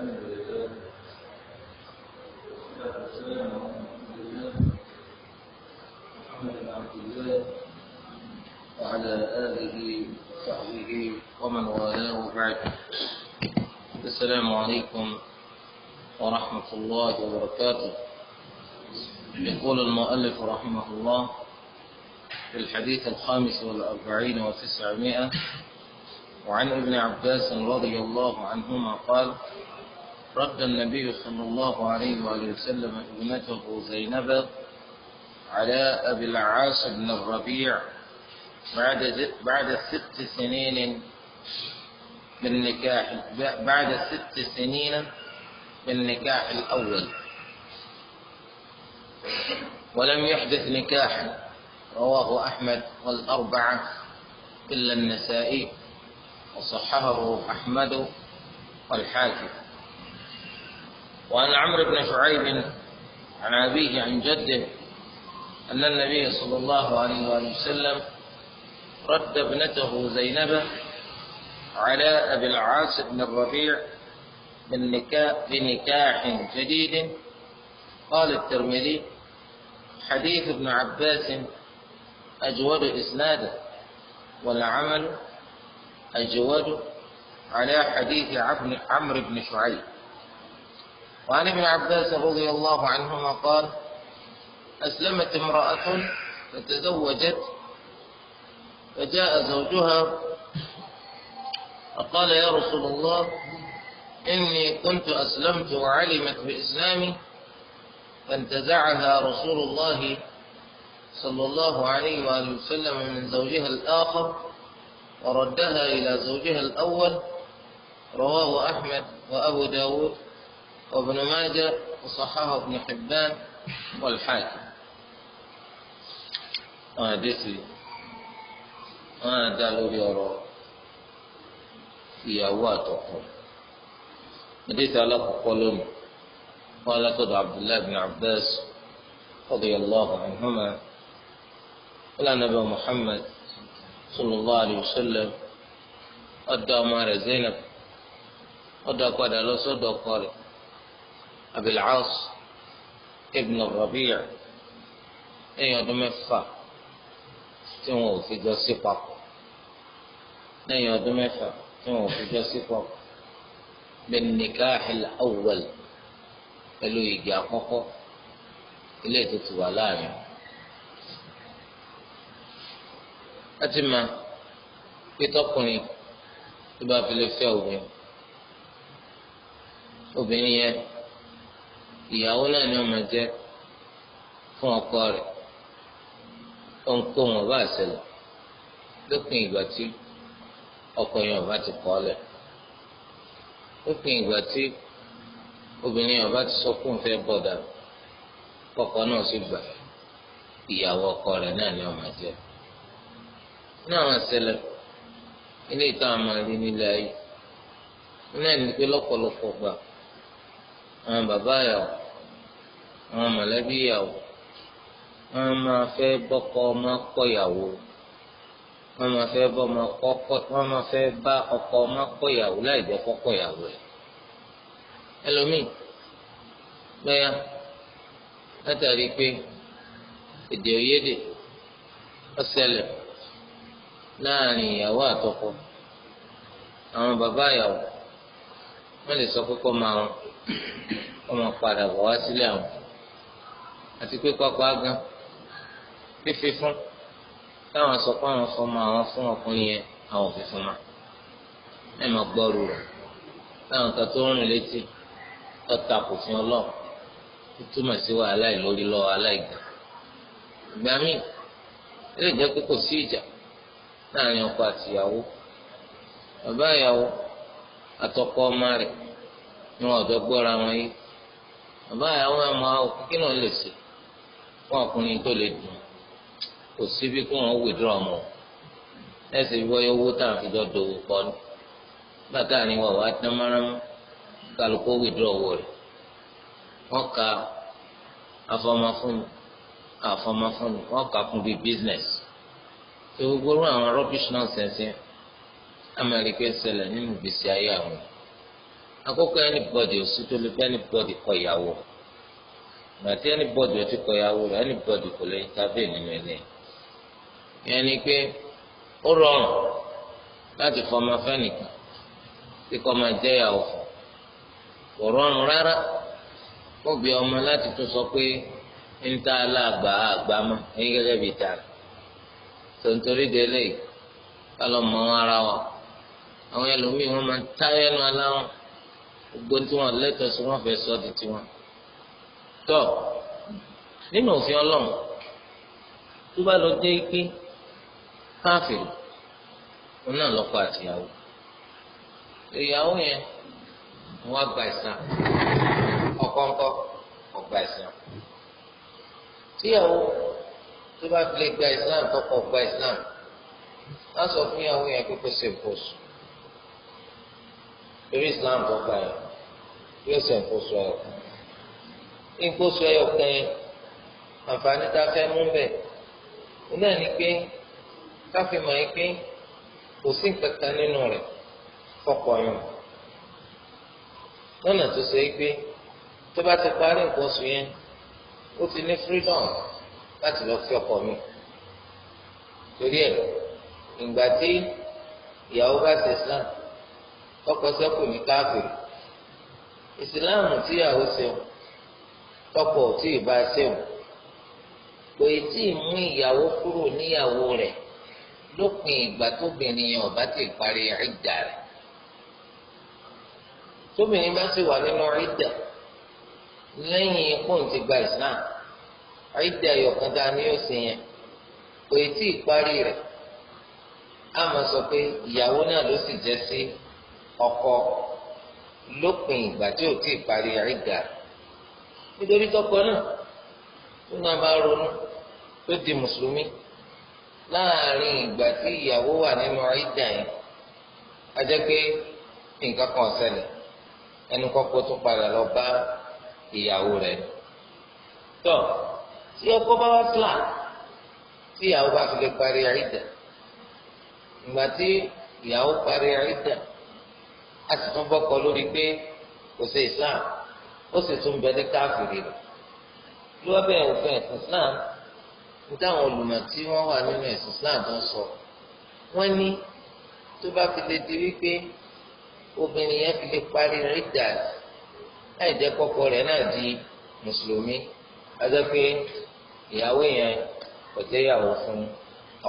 الحمد لله والصلاة الله محمد بن عبد الله وعلى آله وصحبه ومن والاه بعد السلام عليكم ورحمة الله وبركاته يقول المؤلف رحمه الله في الحديث الخامس والأربعين وتسعمائة وعن ابن عباس رضي الله عنهما قال رد النبي صلى الله عليه وآله وسلم ابنته زينب على أبي العاص بن الربيع بعد بعد ست سنين من نكاح بعد ست سنين من نكاح الأول ولم يحدث نكاحا رواه أحمد والأربعة إلا النسائي وصححه أحمد والحاكم وعن عمرو بن شعيب عن أبيه عن جده أن النبي صلى الله عليه وآله وسلم رد ابنته زينب على أبي العاص بن الربيع بنكاح جديد قال الترمذي حديث ابن عباس أجود إسنادا والعمل أجود على حديث عمرو بن شعيب وعن ابن عباس رضي الله عنهما قال أسلمت امرأة فتزوجت فجاء زوجها فقال يا رسول الله إني كنت أسلمت وعلمت بإسلامي فانتزعها رسول الله صلى الله عليه وآله وسلم من زوجها الآخر وردها إلى زوجها الأول رواه أحمد وأبو داود وابن ماجه وصححه ابن حبان والحاكم آه ديسي آه دالو ريورو في أوات أخر ديسي على قولهم قال قد عبد الله بن عباس رضي الله عنهما قال نبي محمد صلى الله عليه وسلم قد أمار زينب قد أقعد على صدق قارئ أبي العاص ابن الربيع أي أدو مفا تنو في جاسي باق أي أدو مفا تنو في جاسي باق بالنكاح الأول إلو يجي أقوقو إلي تتوى لاني أتما بتقني تبا في لفيا وبين وبين يه ìyàwó náà ni ọmọ jẹ fún ọkọ rẹ̀ ohunkóhun ọba àṣẹlẹ̀ lópin ìgbà tí ọkọ yẹn ọba ti kọ̀ lẹ̀ lópin ìgbà tí obìnrin ọba ti sọ fún fẹ́ bọ̀dà ọkọ náà sì gbà ìyàwó ọkọ rẹ̀ náà ni ọmọ jẹ ní àwọn àṣẹlẹ̀ ilé ìta àmọ́ rí nílẹ̀ ayé náà ní pé lọ́pọ̀lọpọ̀ gbà àwọn bàbá yàwó àwọn mọ̀lẹ́bí ìyàwó wọ́n máa fẹ́ bọ́kọ ọmọ kọ́ ìyàwó wọ́n máa fẹ́ bọ́ ọmọ kọ́kọ́ wọ́n máa fẹ́ bá ọkọ ọmọ kọ́ ìyàwó láì jẹ́ kọ́kọ́ ìyàwó rẹ̀ ẹlòmíì bẹ́ẹ̀ látàrí pé èdè òyédè ó ṣẹlẹ̀ láàrin ìyàwó àtọkọ àwọn bàbá ìyàwó wọ́n lè sọ pé kọ́ máa wọn máa padà bọ̀ wá sílé àwọn. àti pé agan fífi fún táwọn sọ àwọn fọmọ àwọn fún ọkùnrin yẹn àwọn òfin fún ma ẹ máa gbọ́rù rẹ̀ táwọn kan tó ń rìn létí tọ́ta kò fún ọlọ́run tó túmọ̀ sí wàhálà ìlórí lọ́wọ́ aláìgbà ìgbà míì lè jẹ́ pé bàbá ìyàwó àtọkọ ọmọ ni gbọ́ra wọn yìí bàbá ìyàwó kí lè fún ọkùnrin tó lè dùn kò sí bí kí wọ́n wìdúrọ̀ mọ́ ẹ̀sìn bí wọ́n yọ tá à fi jọ dòwò pọ̀ ní bàtà ni wá tán kálukó ka afọmọfúnni afọmọfúnni kà fún business tó gbogbo àwọn rubbish nonsense yẹn amẹ́ríkà ṣẹlẹ̀ nínú ìgbésí ayé àwọn àkókò anybody òsì tó lè bẹ́ẹ̀ anybody kọ gbàtí anybody ò ti kọ ìyàwó rẹ̀ anybody kò lè intervene nínú ilé yẹn ni pé ó rọrùn láti fọmọ fẹ́nìkan tí kò máa jẹ́ ìyàwó kò rọrùn rárá kó gbé ọmọ láti tún sọ pé ń ta aláàgbà àgbà mọ́ ẹ̀yìn gẹ́gẹ́ bíi tààrà tontori délé kálọ̀ mọ́ ara wa àwọn ẹlòmíì wọ́n máa ń táyẹ́nu aláwọ̀ gbogbo lẹ́tọ̀ọ́ sí wọ́n fẹ́ sọ di tiwọn tọ́ nínú òfin ọlọ́run tó bá lọ jẹ́ pé káfíìn òun náà lọ́kọ àtìyàwó ìyàwó yẹn wọ́n gba ìsàn ọ̀kọ́ńkọ́ ọ̀gbà ìsàn tíyàwó tó bá fi lè gba ìsàn tọkọ gba ìsàn wọ́n sọ fún ìyàwó yẹn pé kó ṣe ìfọ̀sùn torí ìsàn tó yẹn yóò ṣe ìfọ̀sùn ọ̀kan nǹkan oṣù ẹyọ kan yẹn àǹfààní tá a fẹ́ mú bẹ̀ náà ni pé káfíńmọ̀ yìí pé kò sí nǹkan kan nínú rẹ̀ fọkọ̀ yàn lọ́nà tó ṣe é pé tó bá ti parí nǹkan oṣù yẹn ó ti ní freedom láti lọ fi ọkọ mi torí ẹ ìgbà tí ìyàwó bá ṣe islam ọkọ sẹ́kù ní káfíìn ìsìláàmù tíyàwó ṣe tọkọ ò tí ì bá sẹ́wọ̀n kò ì tí ì mú ìyàwó kúrò níyàwó rẹ̀ lópin ìgbà tóbìnrin yẹn ọba ti parí ìdà rẹ̀ tóbìnrin bá sì wà nínú ìdà lẹ́yìn ikún ti gba Islam ìdà yọ̀kan tá a ní òsì yẹn kò ì tí ì parí rẹ̀ a máa sọ pé ìyàwó náà ló sì jẹ́ sí ọkọ lópin ìgbà tí ò tí ì parí ìdà rẹ̀ nítorí tọkọ náà tó náà bá ronú tó di mùsùlùmí láàrin ìgbà tí ìyàwó wà nínú ìdá yẹn a jẹ́ pé nǹkan kan ṣẹlẹ̀ ẹnu kọkọ tó padà lọ bá ìyàwó rẹ̀ tọ tí ọkọ bá wá sílà tí ìyàwó bá fi lè parí ìdá ìgbà tí ìyàwó parí ìdá a sì tún bọkọ lórí pé kò sí islam ó sì tún bẹ ní káfíìrì rẹ̀ lọ́bẹ̀ òfin ẹ̀sìn Islam nítawọn olùmọ̀ tí wọ́n wà nínú ẹ̀sìn Islam tó ń sọ wọ́n ní tó bá fi lè di wípé obìnrin yẹn fi lè parí rídà láì jẹ́ kọ́kọ́ rẹ̀ náà di mùsùlùmí lọ́jọ́ pé ìyàwó yẹn kò jẹ́ fún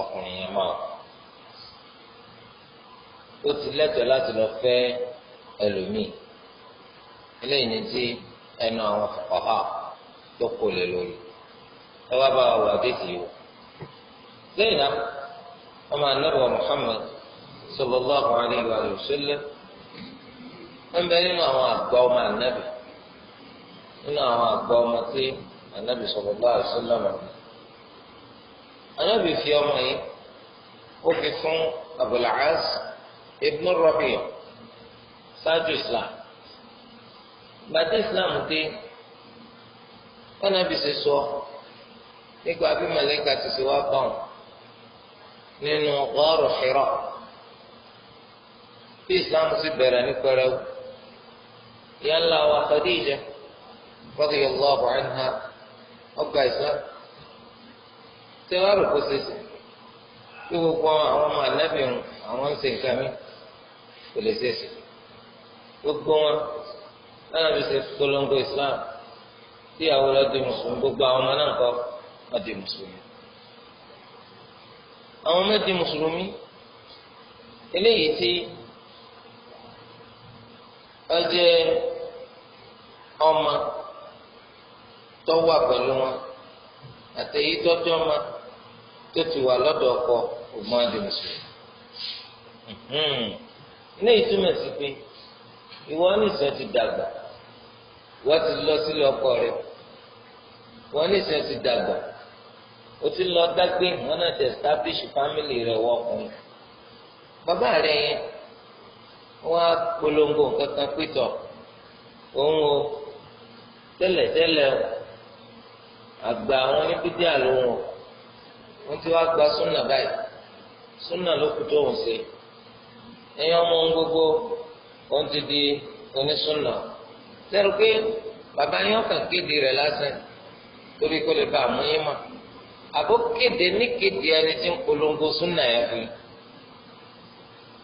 ọkùnrin yẹn mọ́ ó ti lẹ́tọ̀ọ́ láti lọ fẹ́ ẹlòmíì eléyìí ni tí ẹnu àwọn fuqaha tó kò lè lórí ẹ wá bá wà déjì o lẹ́yìn náà ọmọ anábọ Muhammad sallallahu alayhi wa sallam ń bẹ nínú àwọn àgbà ọmọ anábì nínú àwọn àgbà ọmọ tí anábì sallallahu alayhi wa sallam anábì fi ọmọ yìí ó fi fún Abul ibn Rabi'a ṣáájú Islam. gbàtí islam dé ẹnabi sì sọ nípa bí mẹlẹka ti ṣe wá bá nínú bí islam sì bẹ̀rẹ̀ ní pẹrẹwu ìyá ńlá wa Khadija radiyallahu anha ọgbà islam tẹwàá rò kó ṣeṣe kí gbogbo àwọn ọmọ anábìrin àwọn ń ṣe mi kò lè ṣeṣe gbogbo wọn. lọ́nà bí ṣe polongo islam tí ìyàwó rẹ̀ di mùsùlùmí gbogbo àwọn ọmọ náà kọ́ wọ́n di mùsùlùmí. àwọn ọmọ di mùsùlùmí eléyìí tí ó jẹ́ ọmọ tó wà pẹ̀lú wọn àtẹ̀yí tọ́jú ọmọ tó ti wà lọ́dọ̀ ọkọ ògbọ́n di mùsùlùmí. ilé hmm. ìtumọ̀ sí pé ìwọ ní ìsọ ti dàgbà wọ́n ti lọ sílé ọkọ rẹ̀ wọ́n ní ìsìn ti dàgbà o ti lọ dágbé wọn náà ti establish family rẹ̀ wọ ọkùnrin bàbá rẹ̀ yẹn wọ́n á polongo kankan pétọ̀ òun o tẹ́lẹ̀tẹ́lẹ̀ o àgbà àwọn oníbídí àlóhùn o wọ́n ti wá gba súnà báyìí súnà ló kù tó òun ṣe ẹ̀yin ọmọ ohun gbogbo wọ́n ti di onísúnà sẹ́nu pé bàbá yín kàn kéde rẹ̀ lásán torí kó lè bá àmú mọ̀ àbó kéde ní kéde ẹni tí ń polongo súnà yẹn fún yín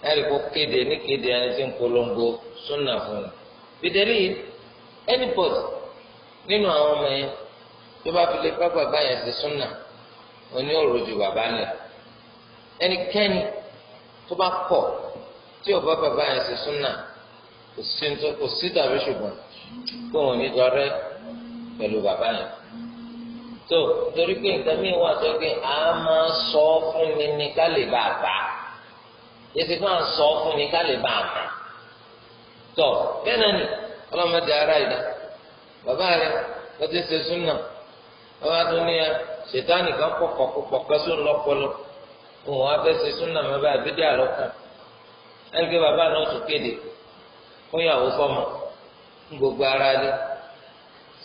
ẹni kó kéde ní kéde ẹni tí ń polongo súnà fún yín bìtẹ́lí anybody nínú àwọn ọmọ yẹn tó bá fi lè bá bàbá yẹn ti súnà oní ọ̀rọ̀ ju bàbá lẹ̀ ẹnikẹ́ni tó bá kọ̀ tí ò bàbá yẹn ti súnà kò sí tàbí ṣùgbọ́n. kóhun ní dọ̀rẹ́ pẹ̀lú bàbá yẹn tó torí pé nǹkan mi wà tó a máa sọ fún mi ní ká sọ fún mi ká lè tó bẹ́ẹ̀ náà ni ọlọ́mọdé ara ìdá bàbá rẹ lọ́tí ṣe súnà bàbá tó ní ẹ ṣètánì kan pọ̀kọ̀ pọ̀kọ̀ sóun lọ́pọlọ òun wá fẹ́ ṣe fún gbogbo ara lé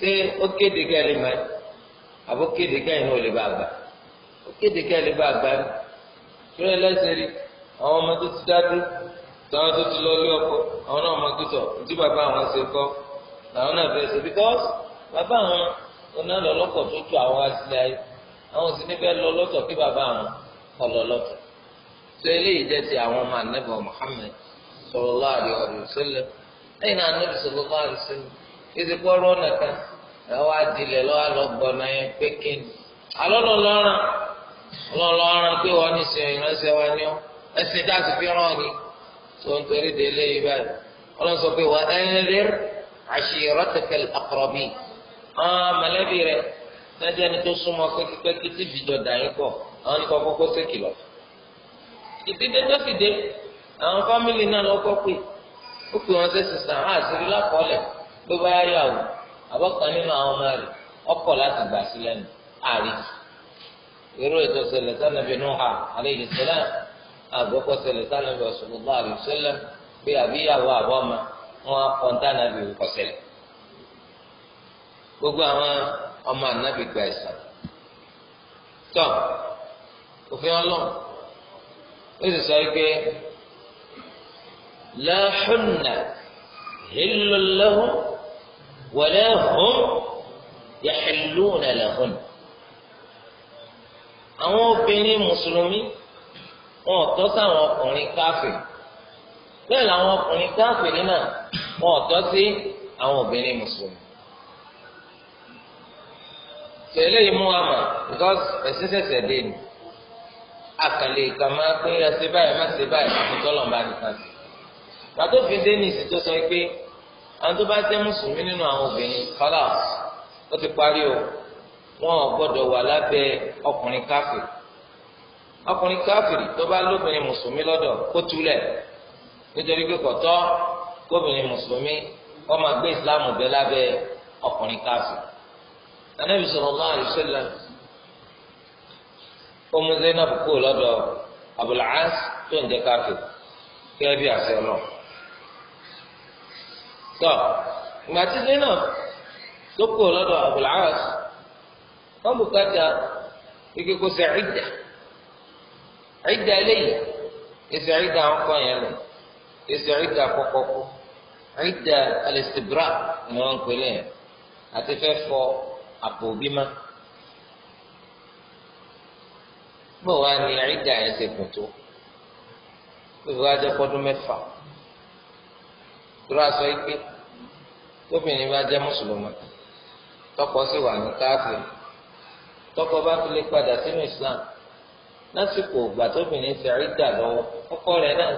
ṣé ó kéde ká lè máa àbó kéde ká yìí ní olè bá gbà ó kéde ká lè bá gbà ní ìrẹ́ lẹ́sẹ̀ rí àwọn ọmọ tó ti dádú táwọn tó ti lọ lé ọkọ àwọn náà mọ pé tọ ojú bàbá àwọn ṣe kọ làwọn náà fẹẹ ṣe bíkọ́sì bàbá àwọn oná lọ tó tu àwọn aṣílẹ̀ ayé àwọn sì ní fẹ́ẹ́ lọ lọ́tọ̀ kí bàbá àwọn kọ lọ lọ́tọ̀ tó eléyìí jẹ́ ti àwọn ọmọ anábọ̀ Muhammad sallallahu alaihi wasallam lẹ́yìn náà níbi sọ̀rọ̀ bá rí sẹ́nu ètò ìpọ́nrọ́ ọ̀nà kan ẹ̀wọ́ adìlẹ̀ lọ́wọ́ àlọ́gbọ̀nà yẹn pé kéènì. àlọ́ lọ́ràn lọ́ràn pé wọ́n ní sẹ́yìn ránṣẹ́ wa ní ọ́ ẹ̀sìn dáàtì fi ràn ní tó ń torí de ilé yìí báyìí. ọlọ́run sọ pé wà á ẹ̀rẹ́r ashiratakal aqrabin. àwọn mọ̀lẹ́bí rẹ̀ sẹ́jẹ́ ni tó súnmọ́ pẹ́kípẹ́kí tí ìbíjọ dàní pọ̀ àwọn nípa kókó sékìlọ̀. ìdídé tó sì dé àwọn fámìlì náà lọ́kọ́ pè ó fi wọn sẹ́sìn sàn á àṣírí lápọ̀ọ́lẹ̀ ló bá yá o àbọ̀kan nínú àwọn ọmọ rẹ̀ ọkọ̀ láti gbà sí lẹ́nu sanabi irú ètò ìṣẹ̀lẹ̀ sanabi nuha aleyhi sanabi ọ̀ṣunlọ́gbà aleyhi salam bí àbíyàwó àbọ̀mọ wọn akọ̀ǹtà nàbì kọ̀ṣẹ̀lẹ̀ gbogbo àwọn ọmọ ànábì gba ẹ̀sán tọ́ òfin ọlọ́run ó sì sọ لا حن هل لهم ولا هم يحلون لهن àwọn obìnrin mùsùlùmí wọn ò tọ́ sáwọn ọkùnrin káfìrí bẹ́ẹ̀ làwọn ọkùnrin káfìrí náà wọn ò tọ́ sí àwọn obìnrin mùsùlùmí. tẹ̀lé yìí wa mà because ẹ̀sìn ṣẹ̀ṣẹ̀ dé ni àkàlẹ̀ ìkàmá pé ẹ ṣe báyìí má ṣe báyìí àti tọ́lọ̀ bá nìkan sí gbàtófin dennis tó sọ pé àwọn tó bá jẹ́ mùsùlùmí nínú àwọn obìnrin kọ́lá ó ti parí o wọn ò gbọ́dọ̀ wà lábẹ́ ọkùnrin káfíìrì ọkùnrin káfíìrì tó bá lóbìnrin mùsùlùmí lọ́dọ̀ kó túlẹ̀ nítorí pé kọ̀tọ́ kóbìnrin mùsùlùmí wọ́n máa gbé ìsìláàmù bẹ́ lábẹ́ ọkùnrin káfíìrì anabi sallallahu alaihi wasallam ọmọ zainab kó lọ́dọ̀ abul aas tó ń jẹ́ káfíìrì kẹ́ẹ́ bí àṣẹ náà. tọ ìgbà tí Zainab tó kú lọ́dọ̀ Abul Aas wọ́n bùkátà ike kó ṣe ìdà ìdà eléyìí ìṣe ìdà àwọn yẹn lọ ìṣe ìdà kọ́kọ́ kú ìdà ni wọ́n pè lẹ́yìn àti fẹ́ fọ àpò òbí má. bó ike. tóbìnrin bá jẹ́ mùsùlùmí tọkọ sì wà ní káfíìn tọkọ bá fi lè padà sínú islam lásìkò ògbà tóbìnrin ṣe àrídà lọ́wọ́ ọkọ rẹ̀ náà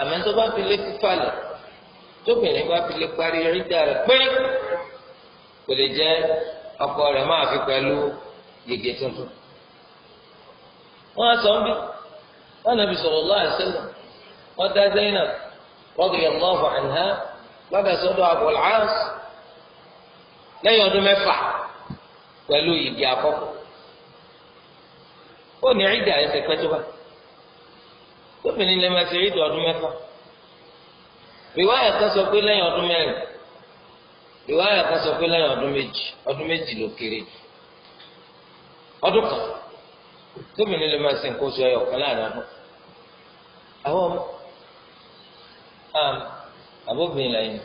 àmọ́ tó bá fi lè fífalẹ̀ tóbìnrin bá fi lè parí àrídà rẹ̀ pé kò lè jẹ́ ọkọ rẹ̀ máa fi pẹ̀lú gègé tuntun wọ́n á sọ ń anha. lọ́dọ̀ sọ́dọ̀ Abul As lẹ́yìn ọdún mẹ́fà pẹ̀lú ìdí àkọ́kọ́ ó ní ìdá ẹsẹ̀ pẹ́tùbà tóbìnrin lè máa ṣe ìdí ọdún mẹ́fà rìwáyà kan sọ pé lẹ́yìn ọdún mẹ́rin rìwáyà kan sọ pé lẹ́yìn ọdún méjì ọdún méjì ló kéré jù ọdún kan tóbìnrin lè máa ṣe nǹkan oṣù ẹyọ kan láàrin àwọn ọmọ àbóbìnrin lẹ́yìn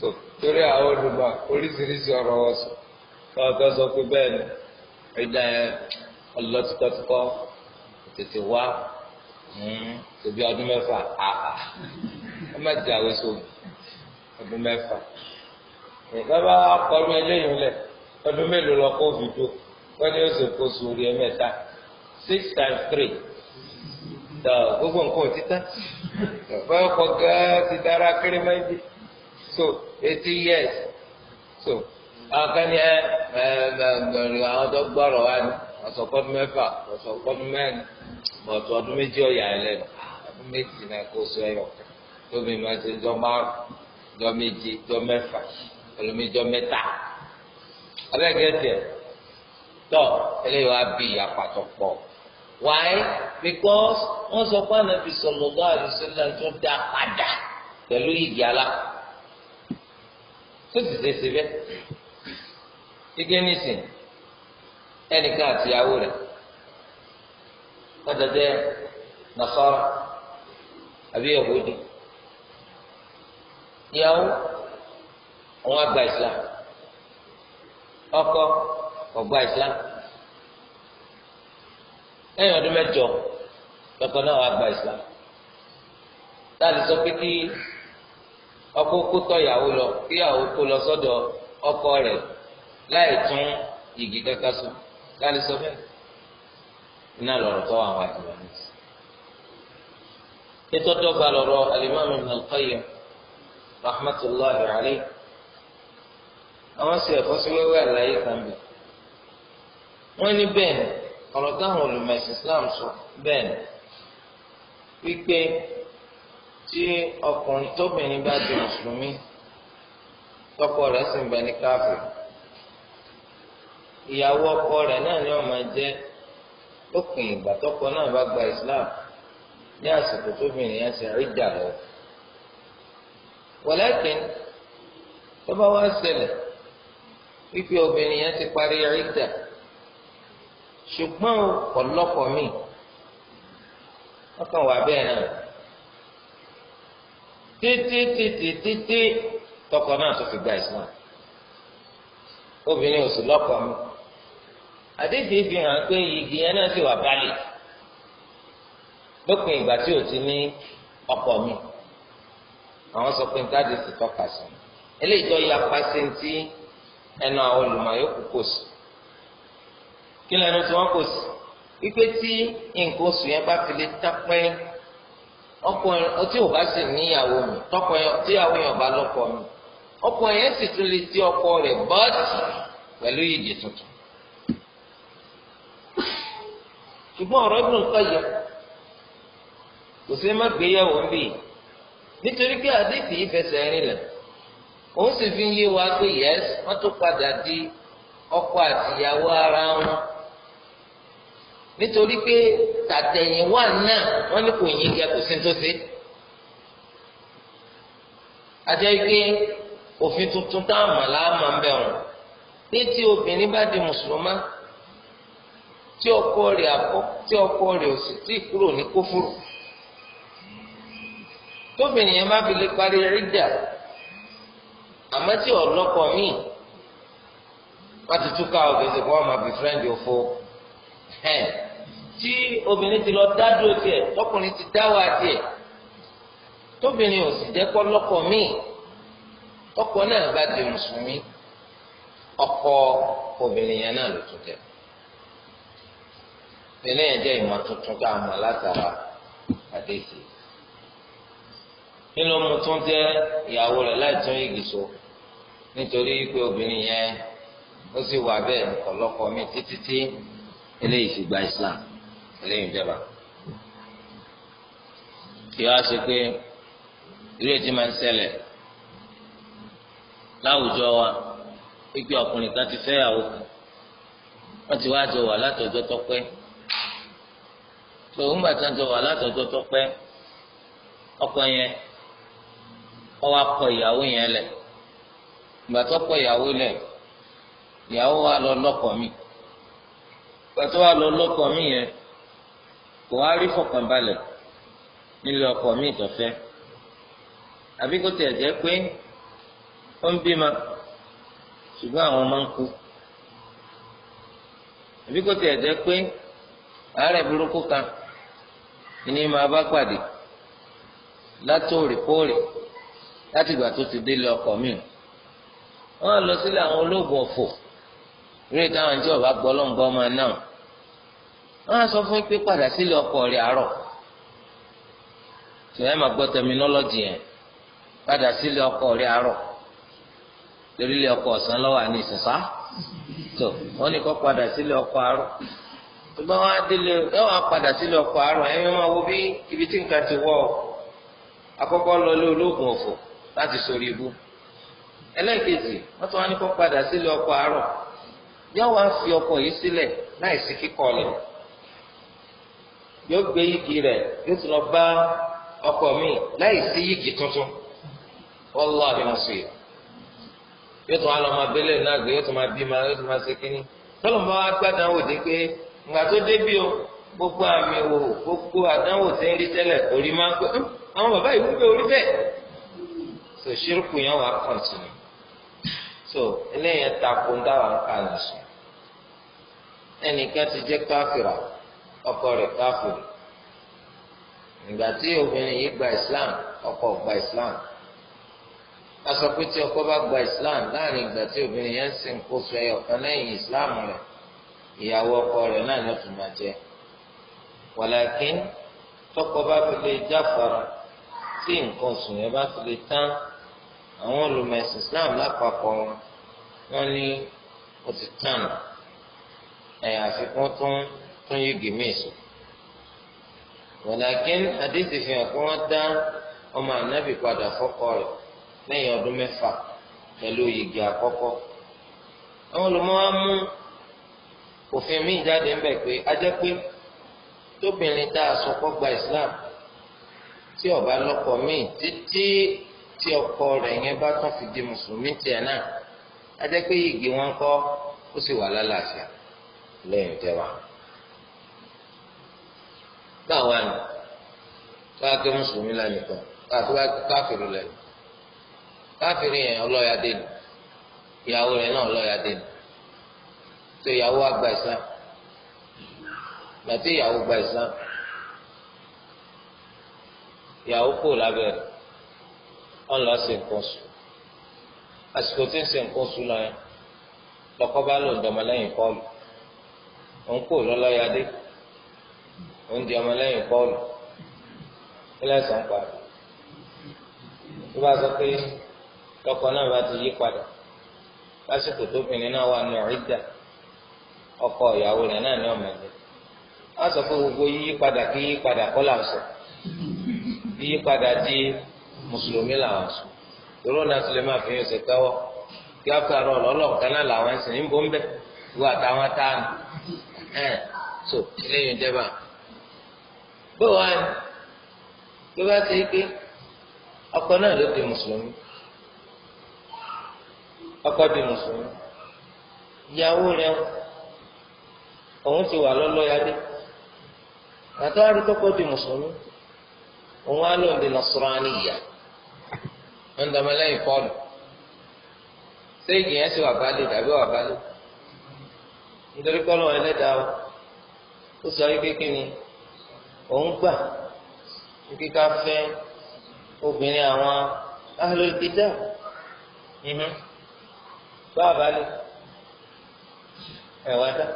so torí àwọn olùgbà oríṣiríṣi ọ̀rọ̀ wọn sọ káwọn kan sọ pé bẹ́ẹ̀ ni ẹ̀dá ẹ̀ ọlọ́tìkọ́tìkọ́ tètè wá tòbí hmm, ọdún mẹ́fà àhà ẹ má ti àwọn èso ọdún mẹ́fà bàbá akọrin ẹlẹ́yìn lẹ̀ ọdún mélòó lọ kó fi dó wọ́n ní oṣù kó sórí ẹ̀ mẹ́ta six times three tọ gbogbo nǹkan ò ti tán báyọ̀ kọ gan ti dára kéré máa ń di so eighty years so àwọn kan ní ẹ ẹ àwọn tó gbọ́rọ̀ wá ní ọ̀sọ̀kọ́dún mẹ́fà ọ̀sọ̀kọ́dún mẹ́rin bọ̀tù ọdún méjì ọ̀yà ẹlẹ́nu ọdún méjì náà kó sọ ẹ̀yọ̀ kan tóbi máa ti jọ márùn jọ méje jọ mẹ́fà ẹlòmíì jọ mẹ́ta abẹ́gẹ́dẹ̀ tọ́ eléyìí wá bí ìyàpàtọ̀ pọ̀ why because wọ́n sọ pé anabi sallallahu alaihi wasallam tó dá padà pẹ̀lú igi ala tó ti ṣèṣe bẹ igi nísìn ẹnìkan àtìyàwó rẹ̀ wọ́n jẹ nasara àbí yahudi ìyàwó àwọn àgbà islam ọkọ ọgbà islam. lẹ́yìn ọdún mẹ́jọ lọ́kọ náà wàá gba islam táàlì sọ pé kí ọkọ kó lọ kí ìyàwó kó lọ ọkọ rẹ láì tún igi kankan sùn táàlì sọ bẹ́ẹ̀ iná lọ̀rọ̀ tọ́ àwọn àgbà ní ti. ètò ọdọgba lọ̀rọ̀ al-Imam Ibn àwọn sì sí àlàyé kan ní ọ̀rọ̀ táwọn olùmọ̀ẹ̀sìn Islam sọ bẹ́ẹ̀ ni wípé tí ọkùnrin tóbìnrin bá di mùsùlùmí tọkọ rẹ̀ sì ń bẹ ní káfíìn ìyàwó ọkọ rẹ̀ náà ni wọ́n máa jẹ́ lópin ìgbà tọkọ náà bá gba Islam ní àsìkò tóbìnrin yẹn ṣe rí dà lọ. wọ̀lẹ́kìn tó bá wá ṣẹlẹ̀ wípé obìnrin yẹn ti parí rí dà lọ ṣùgbọ́n ọ̀pọ̀lọpọ̀ mi wọ́n kàn wà bẹ́ẹ̀ náà títí títí títí tọkọ náà tó fi gba Islam obìnrin ò sì lọ́kọ mi àdéhìí fi hàn pé igi yẹn náà sì wà bálẹ̀ lópin ìgbà tí ò ti ní ọkọ mi àwọn sọ pé nǹkan àdéhìí tọ́ka sí eléyìí tó yapa sí ti ẹnu àwọn olùmọ̀ yóò kú kò sí. kí lẹ́nu tí wọn kò sí wípé tí nǹkan oṣù yẹn bá fi lè tán ọkùnrin tí ò bá sì níyàwó mi tíyàwó yẹn bá lọ́kọ mi ọkùnrin yẹn sì tún lè ti ọkọ rẹ bọ́ọ̀tì pẹ̀lú ìdè tuntun. ṣùgbọ́n ọ̀rọ̀ kò sí má gbéyàwó ń bì í fi ń yé wa pé yẹ́sì wọ́n di ọkọ àtìyàwó ara wọn. nítorí pé tàtẹ̀yìnwá náà wọ́n ní kò yín kẹ́ kò sí tó ṣe. àti pé òfin tuntun táwọn màláàmà ń bẹ̀ wọ́n pé tí obìnrin bá di mùsùlùmá tí ọkọ rẹ̀ àkọ́ tí ọkọ rẹ̀ ò sì tí kúrò ní kófúrò tóbìnrin yẹn má fi lè parí rídà àmọ́ tí ọlọ́kọ míì wọ́n ti túká ọ̀gẹ̀dẹ̀ kó wọ́n máa befriend òfo. Hey tí obìnrin ti lọ dá dúró tiẹ̀ tọkùnrin ti dá wá tiẹ̀ tóbìnrin ò sì jẹ́ kọ́ lọ́kọ míì tọkọ náà bá di mùsùlùmí ọkọ obìnrin yẹn náà ló tún jẹ ìpínlẹ̀ yẹn jẹ́ ìmọ̀ tuntun tá a mọ̀ látara àdéhìí nínú mu tún jẹ́ ìyàwó rẹ̀ láì tún igi so nítorí pé obìnrin yẹn ó sì wà bẹ́ẹ̀ ọ̀lọ́kọ mi títí tí eléyìí fi gba Islam. eléyìí jẹba kí wá ṣe pé irú ètí máa ń ṣẹlẹ̀ láwùjọ wa pípé ọkùnrin kan ti fẹyàwó kan wọ́n ti wá jọ wà látọjọ tọpẹ tó ń gbàtà jọ wà látọjọ́ tọ́pẹ́ ọkọ yẹn kọ ìyàwó yẹn lẹ ìgbà tó kọ ìyàwó lẹ ìyàwó wa lọ lọ́kọ mi ìgbà tó wà lọ mi yẹn. kò wá rí fọkànbalẹ̀ nílé ọkọ mi ìtọfẹ àbí kó tiẹ̀ jẹ́ pé ó ń bímọ ṣùgbọ́n àwọn máa ń kú àbí kó tiẹ̀ jẹ́ pé àárẹ̀ burúkú kan ni màá bá pàdé látòrèkóòrè láti ìgbà tó ti délé ọkọ mi wọn lọ sílé àwọn olóògùn ọ̀fọ̀ rí i táwọn ìjọba gbọ́ lọ́ngbọ́n máa náà. wọ́n á sọ fún pé padà sílé ọkọ rẹ̀ àárọ̀ tìwẹ́ máa gbọ́ tẹminọ́lọ́jì yẹn padà sílé ọkọ torí ọkọ ọ̀sán lọ́wọ́ àní ìsìnsá tó wọn ní kó padà sílé ọkọ àárọ̀ tó wọn á délé ẹ wọn á ọkọ máa wo bí ibi tí nǹkan ti akọkọ lọ lé olóògùn ọ̀fọ̀ láti sori ibú ẹlẹ́ẹ̀kejì wọ́n tún wá ní padà sílé yóò gbé yìgì rẹ̀ yóò tún lọ bá ọkọ mi láì sí yìgì tuntun wọ́lá àbímọ sí yóò tún lọ máa náà gbé yóò tún máa bímọ yóò tún máa ṣe kínní tọ́lọ́mọ wa gbádùn àwọn pé ńgbà tó o gbogbo àmì wò gbogbo àdánwò tí ń rí tẹ́lẹ̀ orí máa ń pẹ́ àwọn bàbá yìí wúgbẹ́ orí bẹ́ẹ̀ tó ṣírùkù yẹn wà á kọ̀ǹtìnì so eléyẹn takò ń dáwà ń kà ẹnìkan ti jẹ́ ọkọ rẹ̀ káfíìrì ìgbà tí obìnrin yìí gba islam ọkọ gba islam a sọ pé tí ọkọ bá gba islam láàrin ìgbà tí obìnrin yẹn ń sin kó sọ ẹyọ kan lẹ́yìn islam rẹ̀ ìyàwó ọkọ rẹ̀ náà ló tún máa jẹ wàlàkín tọkọ bá fi lè jáfara tí nǹkan oṣù yẹn bá fi lè tán àwọn olùmọ̀ẹ̀sìn islam lápapọ̀ wọn ní ó ti tán ẹ̀yà àfikún tún tún yégi míì sùn wọ̀làkín àdéhùn fi hàn pé wọ́n dá ọmọ ànábì padà fọ́kọ rẹ̀ lẹ́yìn ọdún mẹ́fà pẹ̀lú yìgì àkọ́kọ́ àwọn olùmọ̀ mú òfin míì jáde ń bẹ̀ pé ajẹ́ pé tóbìnrin tá a sọ kọ́ gba Islam tí ó bá lọ́kọ míì títí tí ọkọ rẹ̀ yẹn bá tún fi di mùsùlùmí tiẹ̀ náà ajẹ́ pé yìgì wọn kọ́ ó sì wà lálàáfíà lẹ́yìn tẹ́wàá. káwọn àná káwọn mùsùlùmí lẹ́nìkan káwọn ké káfíìrì lẹ́nu káfíìrì yẹn ọlọ́ọ̀yà dé ni ìyàwó rẹ̀ náà ọlọ́ọ̀yà dé ni tó ìyàwó wa gba ìsá gbàtí ìyàwó gba ìsá ìyàwó kò lábẹ́ rẹ̀ wọ́n lọ sí nǹkan sùn àsìkò tí ń nǹkan sùn lọ lọ́kọ́ bá kọ́ọ̀lù òun kò ó ń di ọmọlẹ́yìn Pọ́ọ̀lù ilé ẹ̀sán padà tó bá sọ pé tọkọ náà bá ti yí padà ọkọ ìyàwó rẹ̀ náà ní ọmọ wọ́n sọ pé gbogbo yíyí padà kí yíyí padà kọ́ padà di mùsùlùmí làwọn sọ ìró náà sì lè fi kí làwọn ẹ̀sìn ń bọ́ ń wọ́n àtàwọn ẹ̀ so eléyìí bó wá ní ló bá ṣe pé ọkọ náà ló di mùsùlùmí ọkọ di mùsùlùmí ìyàwó rẹ̀ òun ti wà àti rí di mùsùlùmí òun á lóun di pọ́ọ̀lù ṣé ṣe wà bálẹ̀ tàbí wà bálẹ̀ nítorí ẹlẹ́dàá ó sọ ni. òun gbà kíkẹ́ ká fẹ́ obìnrin àwọn ahlul kitab mhm. bá a bá lè ẹ̀wá dá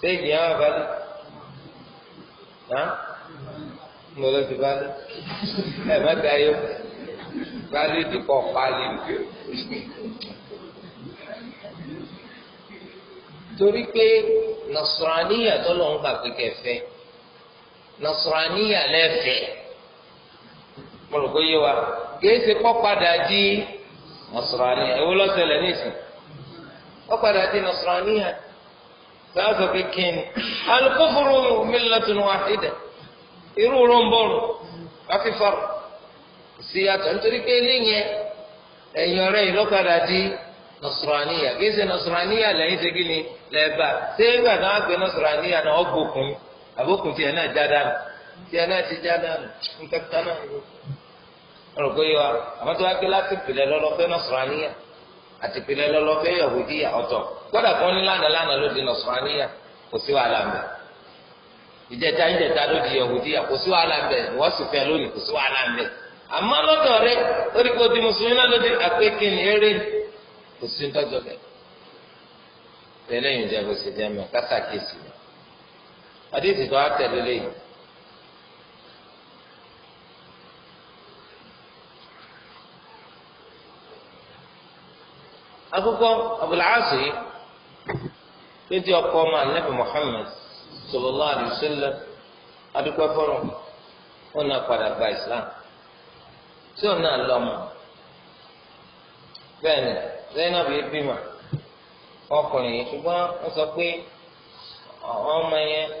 séèkì yẹn wà bá lè ná mbọ̀lọ́ ti bá lè ẹ̀ má da yó bá lè dìpọ̀ pálí nìkan. torí pé nasraniya tó ń gbà pé nasraniya lẹ́fẹ̀ẹ́ mo rò pé yé wa kìí ṣe kọ́ padà di nasraniya ewu lọ́sẹ̀lẹ̀ nísìn kọ́ di nasraniya sáàsọ̀ kékeré alukófóró millatun wahida irú rọ́ńbọ́ọ̀rù nítorí pé yìí lọ́kadà di nasraniya nasraniya ni àbókùn tiẹ̀ náà já dànù tiẹ̀ náà ti já dànù nǹkan kan náà yìí ọ̀rọ̀ pé yọ àwọn tó wá gbé láti pìlẹ̀ lọ́lọ́fẹ́ nọ̀sọ̀ràníyà àti pìlẹ̀ lọ́lọ́fẹ́ yọ̀hùdíyà ọ̀tọ̀ gbọ́dọ̀ kan ní lánàá lánàá ló di nọ̀sọ̀ràníyà kò sí wàhálà ń bẹ̀ ìjẹta ìjẹta ló di yọ̀hùdíyà kò sí wàhálà ń bẹ̀ wọ́n sì fẹ́ lónìí kò sí wàhálà ń àdéhùn tó á tẹ̀lé léyìí. akókó abúlàásì tó ti ọkọ ọmọ anabi muhammed sallallahu alaihi wasallam adúpẹ́ fọlọ wọn padà gba islam tí wọn lọ mọ bẹ́ẹ̀ ni zainab yìí bímọ ọkùnrin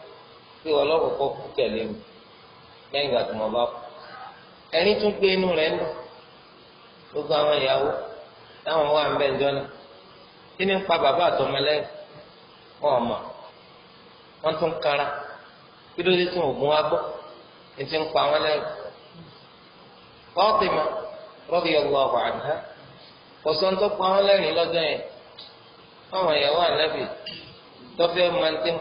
pé ọlọ́run kọ́ kú tẹ̀lé mi lẹ́yìn ìgbà tí mo bá kú ẹni tún gbé inú rẹ̀ nù gbogbo àwọn ìyàwó táwọn wà ń bẹ̀ ń jọ́nà tí ní ń pa bàbá àtọmọ lẹ́yìn wọn mọ̀ wọ́n tún kara kí ló dé tí oògùn wa gbọ́ ti ń pa wọn lẹ́yìn tó pa wọn lẹ́yìn lọ́jọ́ yẹn ìyàwó ti ń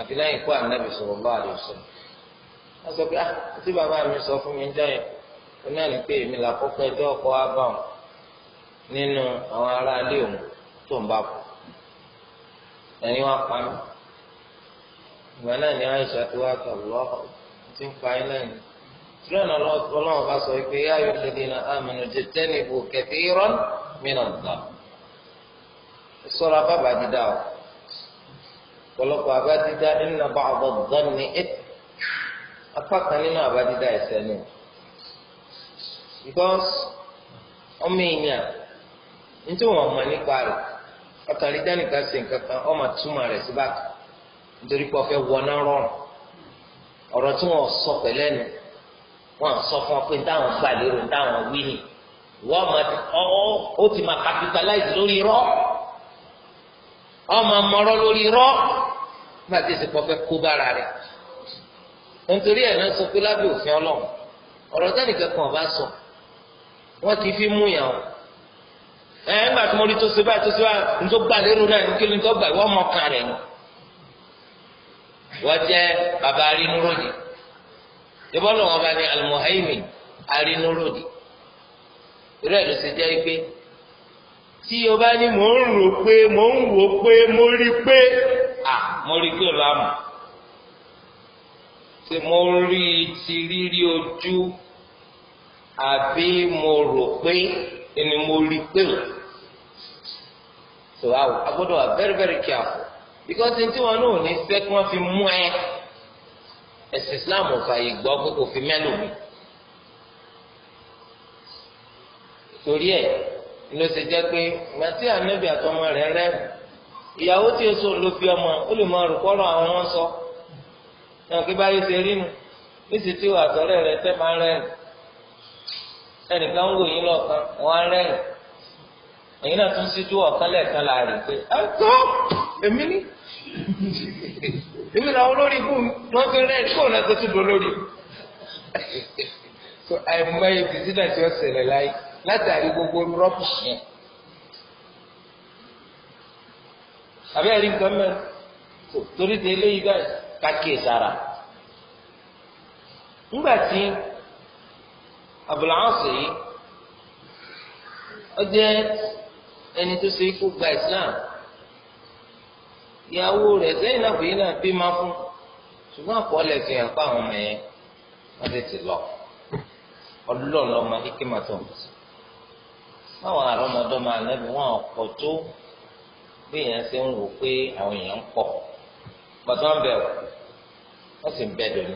àfi lẹ́yìn ikú ànábì sallallahu alaihi wasallam wọ́n sọ pé ah tí bàbá mi sọ fún mi jẹ́ ẹ̀ náà ni pé èmi làkọ́kọ́ ẹjọ́ ọkọ̀ wa bá wọn nínú àwọn ará ilé òun tó ń bá kú ẹni wá pa mí ìgbà náà ni àìsà tó wá tọ̀ lọ́ọ̀ ń pa ẹ́ lẹ́yìn tìrọ̀nà ọlọ́run bá sọ pé ayọ̀ lẹ́dí na amanu jẹ́tẹ́nì bò kẹfì rán mí nà ń ta ìṣọ́ra bàbá dídá o. ọ̀pọ̀lọpọ̀ abadida iná bá ọ̀bọ̀ dán ní ẹ̀ apá kan nínú abadida ẹ̀sẹ̀ ni because ọmọ èèyàn nítorí wọn mọ̀ nípa rẹ̀ ọkàn dánìkan ṣe nǹkan kan ọmọ túmọ̀ rẹ̀ sí báàkì nítorí pé ọ̀fẹ́ wọná rọrùn ọ̀rọ̀ tí wọ́n sọ pẹ̀lẹ́nu wọ́n sọ fún ọ pé táwọn gbà lérò táwọn wí ni ma ó ti ma capitalize lórí irọ́ ọmọ mọ̀rọ́ lórí bá ti sèpọ̀ fẹ́ kó bára rẹ̀ nítorí ẹ̀ náà sọ pé lábẹ́ òfin ọlọ́run ọ̀rọ̀ tẹ́nìkan kan ọba sọ wọ́n ti fi mú yàn ẹ̀ ńgbà tí mo rí tó ṣe báyìí tó ṣe báyìí ní tó gbà lérò náà ní kí ni tó gbà wọ́n mọ kan rẹ̀ ni wọ́n jẹ́ bàbá arínúròdì ìbọn lọ́wọ́ bá ní alimuhaimin arínúròdì ìrẹ́ ló ṣe jẹ́ pé tí o bá ní mò ń rò pé mò ń wò pé mo rí pé Ah, mo rí pé ramu tí mo rí ti rírí ojú àbí mo rò pé ẹni mo rí pé so a gbọ́dọ̀ very very careful because ní tí wọn náà ní fẹ́ kí wọ́n fi mú ẹ ẹ̀sìn Islam ò fààyè gbọ́ pé kò fi mẹ́lòmí. torí ẹ̀ ló ṣe jẹ́ pé màtí ànábì àtọmọ rẹ̀ rẹ́rìn ìyàwó tí èso ló fi ọmọ ó lè máa rò kọ́rọ̀ àwọn wọn sọ ẹ̀ kí báyìí ṣe rí nu níṣì tí wà tọ́lẹ̀ rẹ tẹ́ máa rẹ́rìn ẹnìkan ń wò yín lọ́ọ̀kan wọ́n á rẹ́rìn ẹ̀yin náà tún síjú ọ̀kan lẹ́ẹ̀kan láàrin pé ẹ tó èmi ní èmi làwọn olórí ikú wọn fi rẹ́rìn kó náà tó tún lọ lórí àìmọye bìsínà tí ó ṣẹlẹ̀ láyé látàrí gbogbo rọ́bìṣì yẹn. àbí ẹ̀rí nǹkan mẹ́rin tó torí de eléyìí bẹ́ẹ̀ kákìí sára. nígbà tí abùlànsì yìí ó jẹ́ ẹni tó ṣe ikú gba Islam ìyàwó rẹ̀ sẹ́yìn náà fèyí náà bí máa fún ṣùgbọ́n àkọọ́lẹ̀ fi hàn pa àwọn ọmọ yẹn wọ́n ti ti lọ ọlọ́ọ̀lọ́ ọmọ ikema tó ń bọ̀ báwọn àrọ́mọdọ́mọ alẹ́ bí wọ́n ọ̀pọ̀ tó bí èèyàn ṣe ń wò pé àwọn èèyàn ń pọ̀ gbọ́dọ̀ ń bẹ̀rù wọ́n sì ń bẹ̀ dòní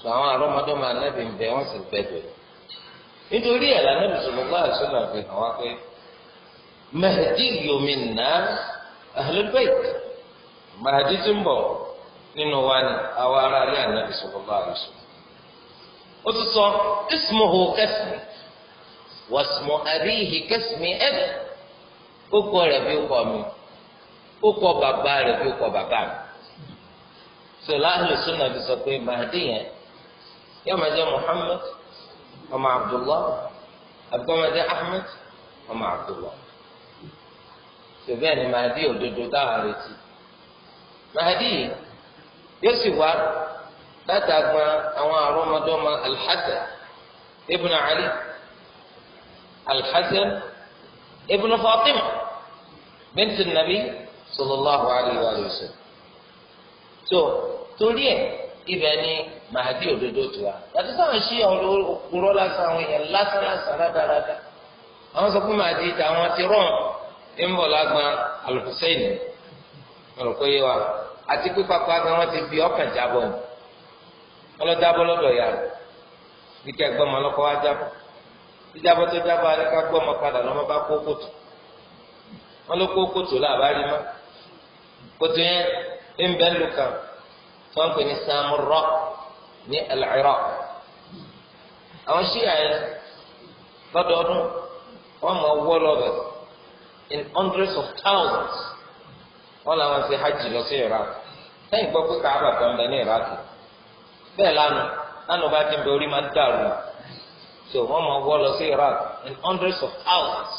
sọ àwọn àrọ́mọdọ́mọ anábì ń bẹ wọ́n sì ń bẹ̀ dòní nítorí ẹ̀ lànàbì sallallahu alaihi wasallam fi hàn wá pé mahdi yomina ahlul bayt mahdi ti ń bọ̀ nínú wa ni àwa ará rí ànábì sallallahu alaihi ó ti sọ ismuhu kasmi wasmu abihi kasmi ẹ̀dẹ̀. ó kọ rẹ̀ bí mi ó bàbá rẹ̀ bí ó bàbá mi sọlá àlùsùnà ti sọ pé màdí yẹn jẹ ọmọ Abdullah àbíkọ́ Ahmed ọmọ Abdullah sọ̀bẹ́ẹ̀ màdí òdodo táwọn retí màdí yóò sì wá àwọn ibn ali fatima. bẹ́ntì nàbí sallallahu alayhi wa sallam. tó torí ẹ̀ ibẹ̀ ni màdí òdodo tó wa yàtọ̀ sáwọn ṣí ọ̀rọ̀ òkúrọ̀ lásán àwọn èèyàn lásán lásán rádaràdà àwọn sọ pé màdí tàwọn ti rọ̀ ń bọ̀ lágbọn Al-Husaini ọ̀rọ̀ pé yé wa àti pípapá gan wọn ti fi ọkàn jábọ̀ ni ọlọ́dàbọ̀ lọ́dọ̀ yà rẹ̀ bí kẹ́ gbọ́mọ ọlọ́kọ́ wa jábọ̀ jíjábọ̀ tó jábọ̀ alẹ́ ká gbọ́mọ padà lọ́mọ bá kó kòtò wọn ló kó kótó làbá rí mọ́ kótó yẹn ń bẹ́ẹ̀ lù kàn wọ́n ń pè ní Samurra ní al-Iraq àwọn ṣíà yẹn lọ́dọọdún wọ́n mọ̀ wọ́ lọ́bẹ̀ in hundreds of thousands wọ́n làwọn ṣe hajj lọ sí Iraq sẹ́yìn gbọ́ pé káàbà kan bẹ ní Iraq bẹ́ẹ̀ lánàá lánàá bá ti ń bẹ orí máa ń dàrú so wọ́n mọ̀ wọ́ lọ sí Iraq in hundreds of thousands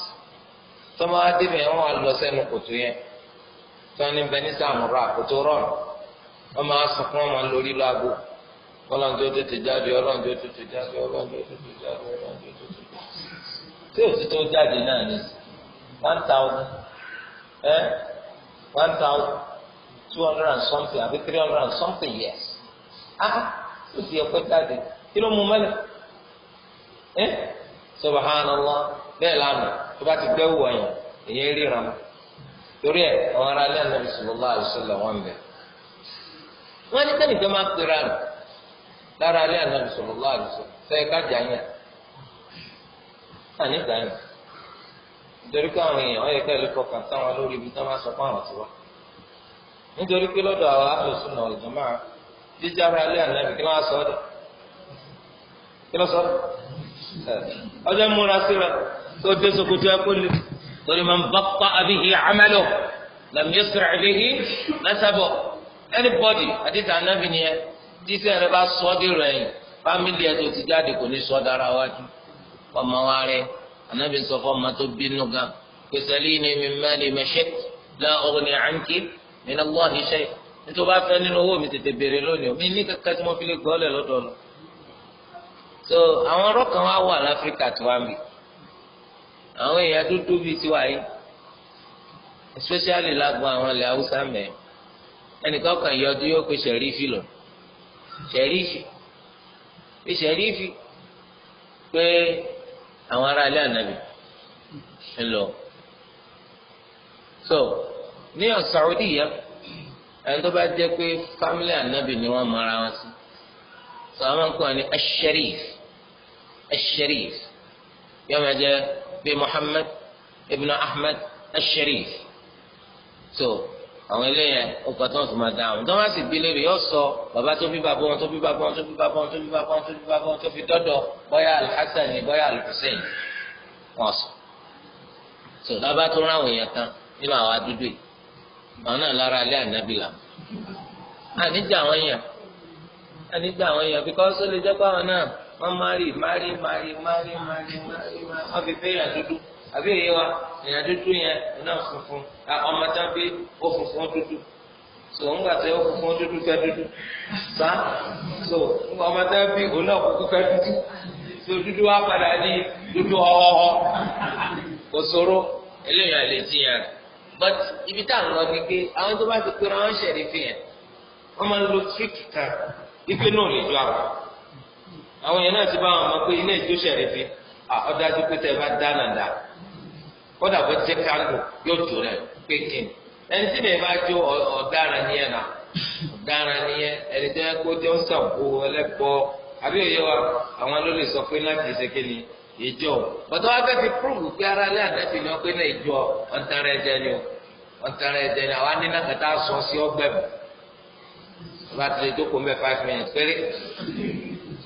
tọ́mọ adébẹ̀ yẹn wọ́n lọ sẹ́nu kòtò yẹn tí wọ́n ní bẹ ní sàmúrà kòtò rọ̀nù wọ́n máa sunkún wọn máa lórí láago ọlọ́run tó tètè jáde ọlọ́run tètè jáde ọlọ́run tètè jáde ọlọ́run tètè jáde tí òsì jáde náà ní one thousand one thousand two hundred and something àbí three hundred and something years ah ó sì yẹ kó jáde kí ló mú mẹ́lẹ̀ ẹ subhanallah bẹ́ẹ̀ lánàá tó bá ti tẹ́ wù ọ̀yàn èyí ríran torí ẹ̀ àwọn ará ilé ànábì sallallahu alaihi wasallam wọn bẹ̀. wọ́n ní sẹ́ni tó máa pera rẹ̀ lára ilé ànábì sallallahu alaihi wasallam sẹ́yìn kájà yẹn àní ìgbà yẹn nítorí pé àwọn èèyàn ọ̀yẹ́ kẹ́lẹ́ kọkàn sáwọn lórí ibi tó máa sọ fún àwọn tiwa nítorí pé lọ́dọ̀ àwọn àlùsùn náà ìjọba jíjá ara ilé ànábì kí wọ́n sọ sọ ọ́ ọjọ́ múra síra tó dé ṣòkòtò ẹ kó lè torí man batta'a bihi 'amaluhu lam yusri' bihi nasabuhu anybody àdìsá anábì ni ẹ tí sẹ́yìn rẹ bá sọ ọ́ dèrò ẹ̀yìn fámìlì ẹ̀ tó ti jáde kò ní sọ dára wájú ọmọ wa rẹ anábì sọ fún ọmọ tó bínú gan salini min mali ma shi'ti la ughni 'anki min Allahi shay'a nítorí bá fẹ́ nínú owó mi tètè béèrè lónìí mi ní kankan tí mo fi lè gbọ́ lẹ̀ lọ́dọ̀ lọ. so àwọn ọ̀rọ̀ kan wá wà láfíríkà tí wàá mi àwọn èèyàn dúdú bíi tiwa yìí especially lágbo àwọn ilẹ̀ haúsá mẹ́ ẹnìkan kan yọjú yóò pe sẹ̀rífì lọ sẹ̀rífì pe sẹ̀rífì pé àwọn ará ilé ànábì ń lọ so ní Saudi yẹn ẹni tó bá jẹ́ pé family ànábì ni wọ́n mọra wọn sí so àwọn kan ní asherif asherif yọọ ma jẹ́ bíi Muhammad ibn Ahmad al so àwọn eléyẹn ó kọ́ tó ń sọmọ dáhùn tó má sì bí léèrè yóò sọ bàbá tó bí bàbá wọn tó bí bàbá wọn tó bí bàbá wọn tó bí bàbá wọn tó bí bàbá wọn tó fi dọ́dọ̀ bọ́yá al ni bọ́yá al wọn sọ so bàbá tó ráwọn èèyàn kan nínú àwọn adúdú yìí àwọn náà lára alẹ́ ànábì làwọn àníjà àwọn èèyàn àníjà àwọn èèyàn bíkọ́ sólè jẹ́ pé náà wọ́n mari mari mari mari mari mari wọ́n fi fẹ́ yà dúdú àbí èyí wa ẹ̀yà dúdú yẹn náà funfun ọmọ tán bí ó funfun dúdú so ńgbà tẹ ó funfun dúdú fẹ́ dúdú sá so ọmọ tán bí òun náà kúkú fẹ́ dúdú so dúdú wa padà ní dúdú ọ̀họ̀họ̀ kò sóró eléyìí àlè jiyàn but ibi tá à ń lọ ni pé àwọn tó bá ti pera wọn ṣẹ̀rí fi hàn wọ́n máa lo tíríkì kan ipe náà lè ju àwọn. àwọn yẹn náà ti bá wọn mọ pé ilé ìjó sẹ̀rífi ọ̀dájú pé tẹ́ bá dáná dá kódà bó jẹ́ káńdù yóò jù rẹ̀ pé kí ni ẹni tí mi bá jó ọ̀daràn nìyẹn náà ọ̀daràn nìyẹn ẹni tó yẹ kó jẹ́ ń àbí wa àwọn ló lè sọ pé láti ṣe kí ni ìjọ bàtà fi púrúfù pé ara lé ànábì ni pé náà ìjọ ẹ̀jẹ̀ ni ẹ̀jẹ̀ ni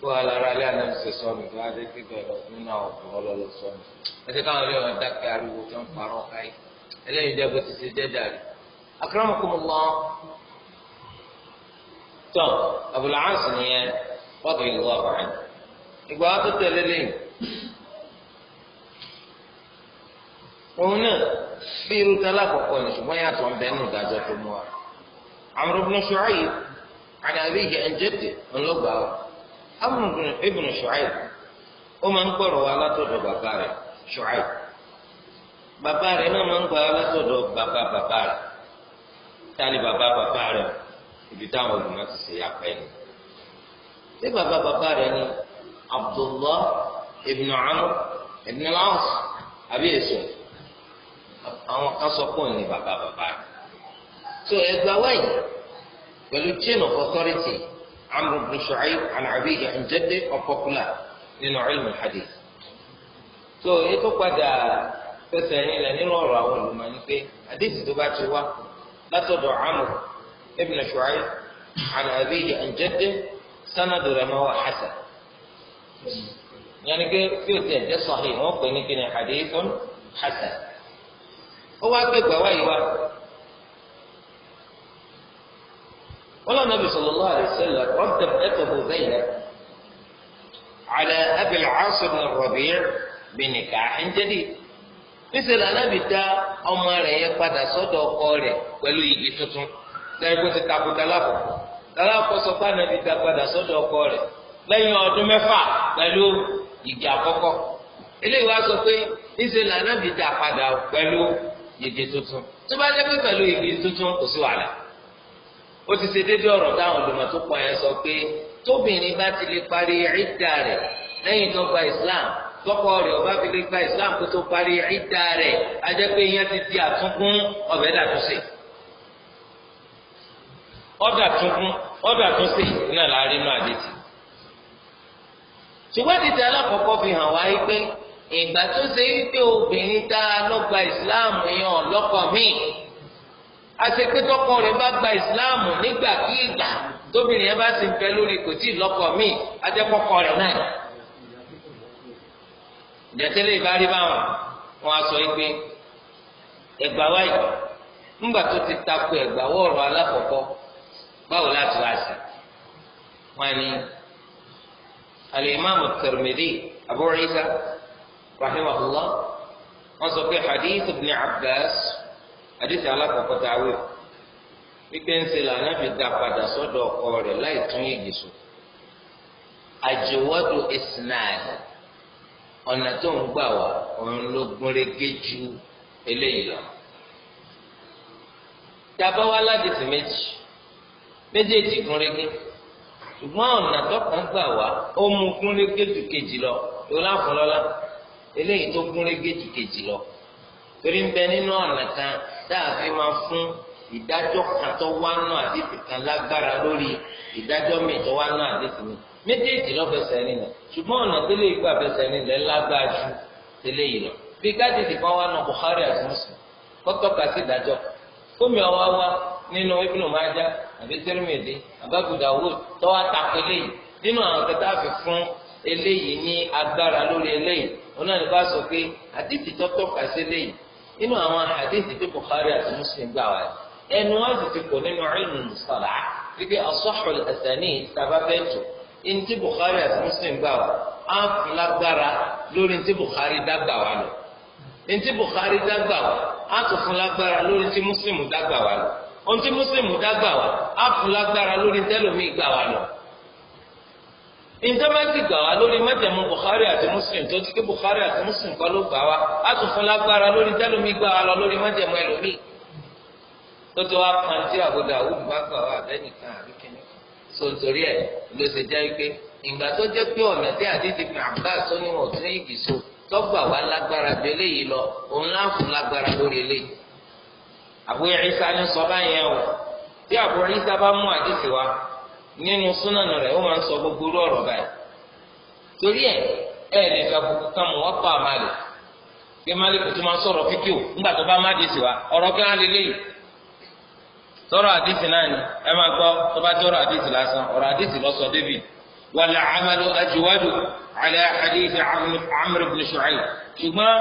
kó alára alẹ́ àná ṣe sọnù tó wá dé pípẹ́ nínú àwọn ọ̀pọ̀ ọlọ́lọ́ sọnù. ẹsẹ̀ káwọn ilé wọn dákẹ́ ariwo tó ń parọ́ káyé ẹlẹ́yin jẹ́ bó ti ṣe jẹ́ dàrí. akramakumullah tọ́ Abul Aas nìyẹn wọ́n kì í lọ́wọ́ àbáyé. ìgbà wa tó tẹ̀lé lẹ́yìn. òun náà bí irú tẹ́lá kọ̀ọ̀kan ni ṣùgbọ́n yàtọ̀ ń bẹ́ẹ̀ nù dájọ́ tó mú wa. Amr ibn amúnbùn ibùn ṣùáì ó máa ń gbọ́rọ̀ wá látọ̀dọ̀ bàbá rẹ̀ ṣùáì bàbá rẹ̀ náà máa ń gbọ́ látọ̀dọ̀ bàbá bàbá rẹ̀ tani bàbá bàbá rẹ̀ ibi táwọn olùmọ̀ ti ṣe yàpẹ́ ni ṣé bàbá bàbá rẹ̀ ni abdullah ibùn amr ibùn al àbí èso àwọn kan sọ pé òun ni bàbá bàbá rẹ̀ so ẹgbàá wáyé pẹ̀lú chain of authority. عمرو بن شعيب عن عبيد عن جده وفقنا nínú ilmu hadith so ètò padà fẹsẹ̀ yín lẹ nínú ọ̀rọ̀ àwọn olùmọ̀ọ́ni pé hadith tó bá ti wá látọ̀dọ̀ amr ibn shu'aib an abiyi an jaddi sanadu rẹ̀ mọ́ hasan yẹn ni pé bí o tiẹ̀ jẹ́ sahih wọ́n pè ní kíni hadithun hasan ó wá gbé gbàwá yìí wá. ولا النبي صلى الله عليه وسلم رد ابنته زينب على أبي العاص بن الربيع بنكاح جديد níṣẹ́ la nábì dá ọmọ rẹ̀ yẹn padà sọ́dọ̀ Na rẹ̀ pẹ̀lú igi tuntun sẹ́yìn kó ti takuta lápò lálákọ̀ sọ fún ànábì dá padà sọ́dọ̀ ọkọ rẹ̀ sọ pé ó ti ṣe déédéé ọ̀rọ̀ táwọn olùmọ̀ tó pọ̀ yẹn sọ pé tóbìnrin bá ti lè parí ìdá rẹ̀ lẹ́yìn tó gba islam tọkọ rẹ̀ ọba fi lè gba islam kó tó parí ìdá rẹ̀ a jẹ́ pé ìyẹn ti di àtúnkún ọ̀bẹ dàtúnṣe ọ̀dà tuntun ọ̀dà túnṣe náà la rí àdéjì. ṣùgbọ́n títí alákọ̀ọ́kọ́ fi hàn wá pé ìgbà tó ṣe wípé obìnrin tá a lọ́gba ìsìláàmù yẹn ọ̀lọ́kọ̀ míì àṣekítọ́kọ rẹ̀ bá gba ìsìláàmù nígbàkígbà tóbìnrin yẹn bá sì ń fẹ́ lórí kò tí ì lọ́kọ míì ajẹ́kọ́kọ rẹ̀ náà. ìjẹ́tẹ́lẹ̀ ìbárí báwọn wọn á sọ pé ẹgbà wáyé ńgbà tó ti takò ẹgbà wọ́ọ̀rọ̀ alákọ̀ọ́kọ́ báwo láti wá sí wọn ni alimami Tirmidhi Abu Isa wọn sọ pé hadith ibn Abbas àdìsí alákọ̀ọ́kọ́ tá a wé wípé ń ṣe lànà fi dá padà sọ́dọ̀ ọkọ rẹ̀ láì tún yìgì sùn àjẹwọ́dù ìsìnàì ọ̀nà tó ń gbà wá òun ló gún régé ju eléyìí lọ. tàbá wá ládìsí méjì méjèèjì gún ṣùgbọ́n ọ̀nà tó kàn gbà wá ó mú gún régé kejì lọ lọ́la fún lọ́la eléyìí tó gún régé kejì lọ torí ń bẹ nínú ọ̀nà kan tá a fi máa fún ìdájọ́ kan tó wá náà àdéhùn kan lágbára lórí ìdájọ́ mi tó wá náà àdéhùn mi méjèèjì lọ fẹsẹ̀ nílẹ̀ ṣùgbọ́n ọ̀nà tó lè gbà fẹsẹ̀ nílẹ̀ lágbára ju tẹ́lẹ̀ yìí lọ bí gádìdì kan wá náà Bukhari àti Muslim kọ́tọ́ka sí ìdájọ́ fómi ọwọ́ wa nínú Ibn Majah àbí Tirmidhi Abu Dawud tọ́wọ́ àtàkùn eléyìí nínú àwọn kẹta fi fún eléyìí ní agbára lórí eléyìí onáà ní bá sọ pé àdìsí sí eléyìí nínú àwọn hadith tí Bukhari àti Muslim gbà wá ẹnu wọn sì ti kò nínú ilmu mustalah wípé asahul asanid sábàbẹ́tò ní tí Bukhari àti Muslim gbà wá á fi lágbára lórí tí Bukhari dágbà wá lọ ní tí Bukhari dágbà wá lórí tí Muslim dágbà wá lọ ohun Muslim dágbà wá á lórí tẹlómi gbà wá lọ ìjọbàtì gbà wá lórí mẹtẹmú Bukhari àti Muslim tó ti ké Bukhari àti Muslim kọ́ ló gbà wá á tún fún lágbára lórí tẹlumi gbà wá lọ lórí mẹtẹmú ẹlòmíì tó tó wá pàǹtí àbúdá àwùjọ bá gbà wá abẹ́nìkan àbíkẹ́ni so nítorí ẹ̀ ló ṣe jẹ́ pé ìgbà tó jẹ́ pé ọ̀nà tí àdídì kan àbá tó ní tún yìí so tọ́gbà wá lágbára ju eléyìí lọ òun láǹfún lágbára lórí eléyìí àbúrò ìsá ní sọ báyẹn o tí àbúrò nínú súnánù rẹ̀ ó máa ń sọ gbogbo orú ọ̀rọ̀ báyìí torí ẹ̀ ẹ̀ lè ka kúkú ká mọ̀ wọ́pọ̀ àmàlẹ̀ kí málìkù tó máa sọ̀rọ̀ fíkì o ńgbà tó bá má di sí wa ọ̀rọ̀ kí wọ́n lè léyìí àdìsí náà ni ẹ máa gbọ́ tó bá àdìsí lásán ọ̀rọ̀ david wàlẹ̀ amalu ajiwadu alẹ́ àdìsí amr ṣùgbọ́n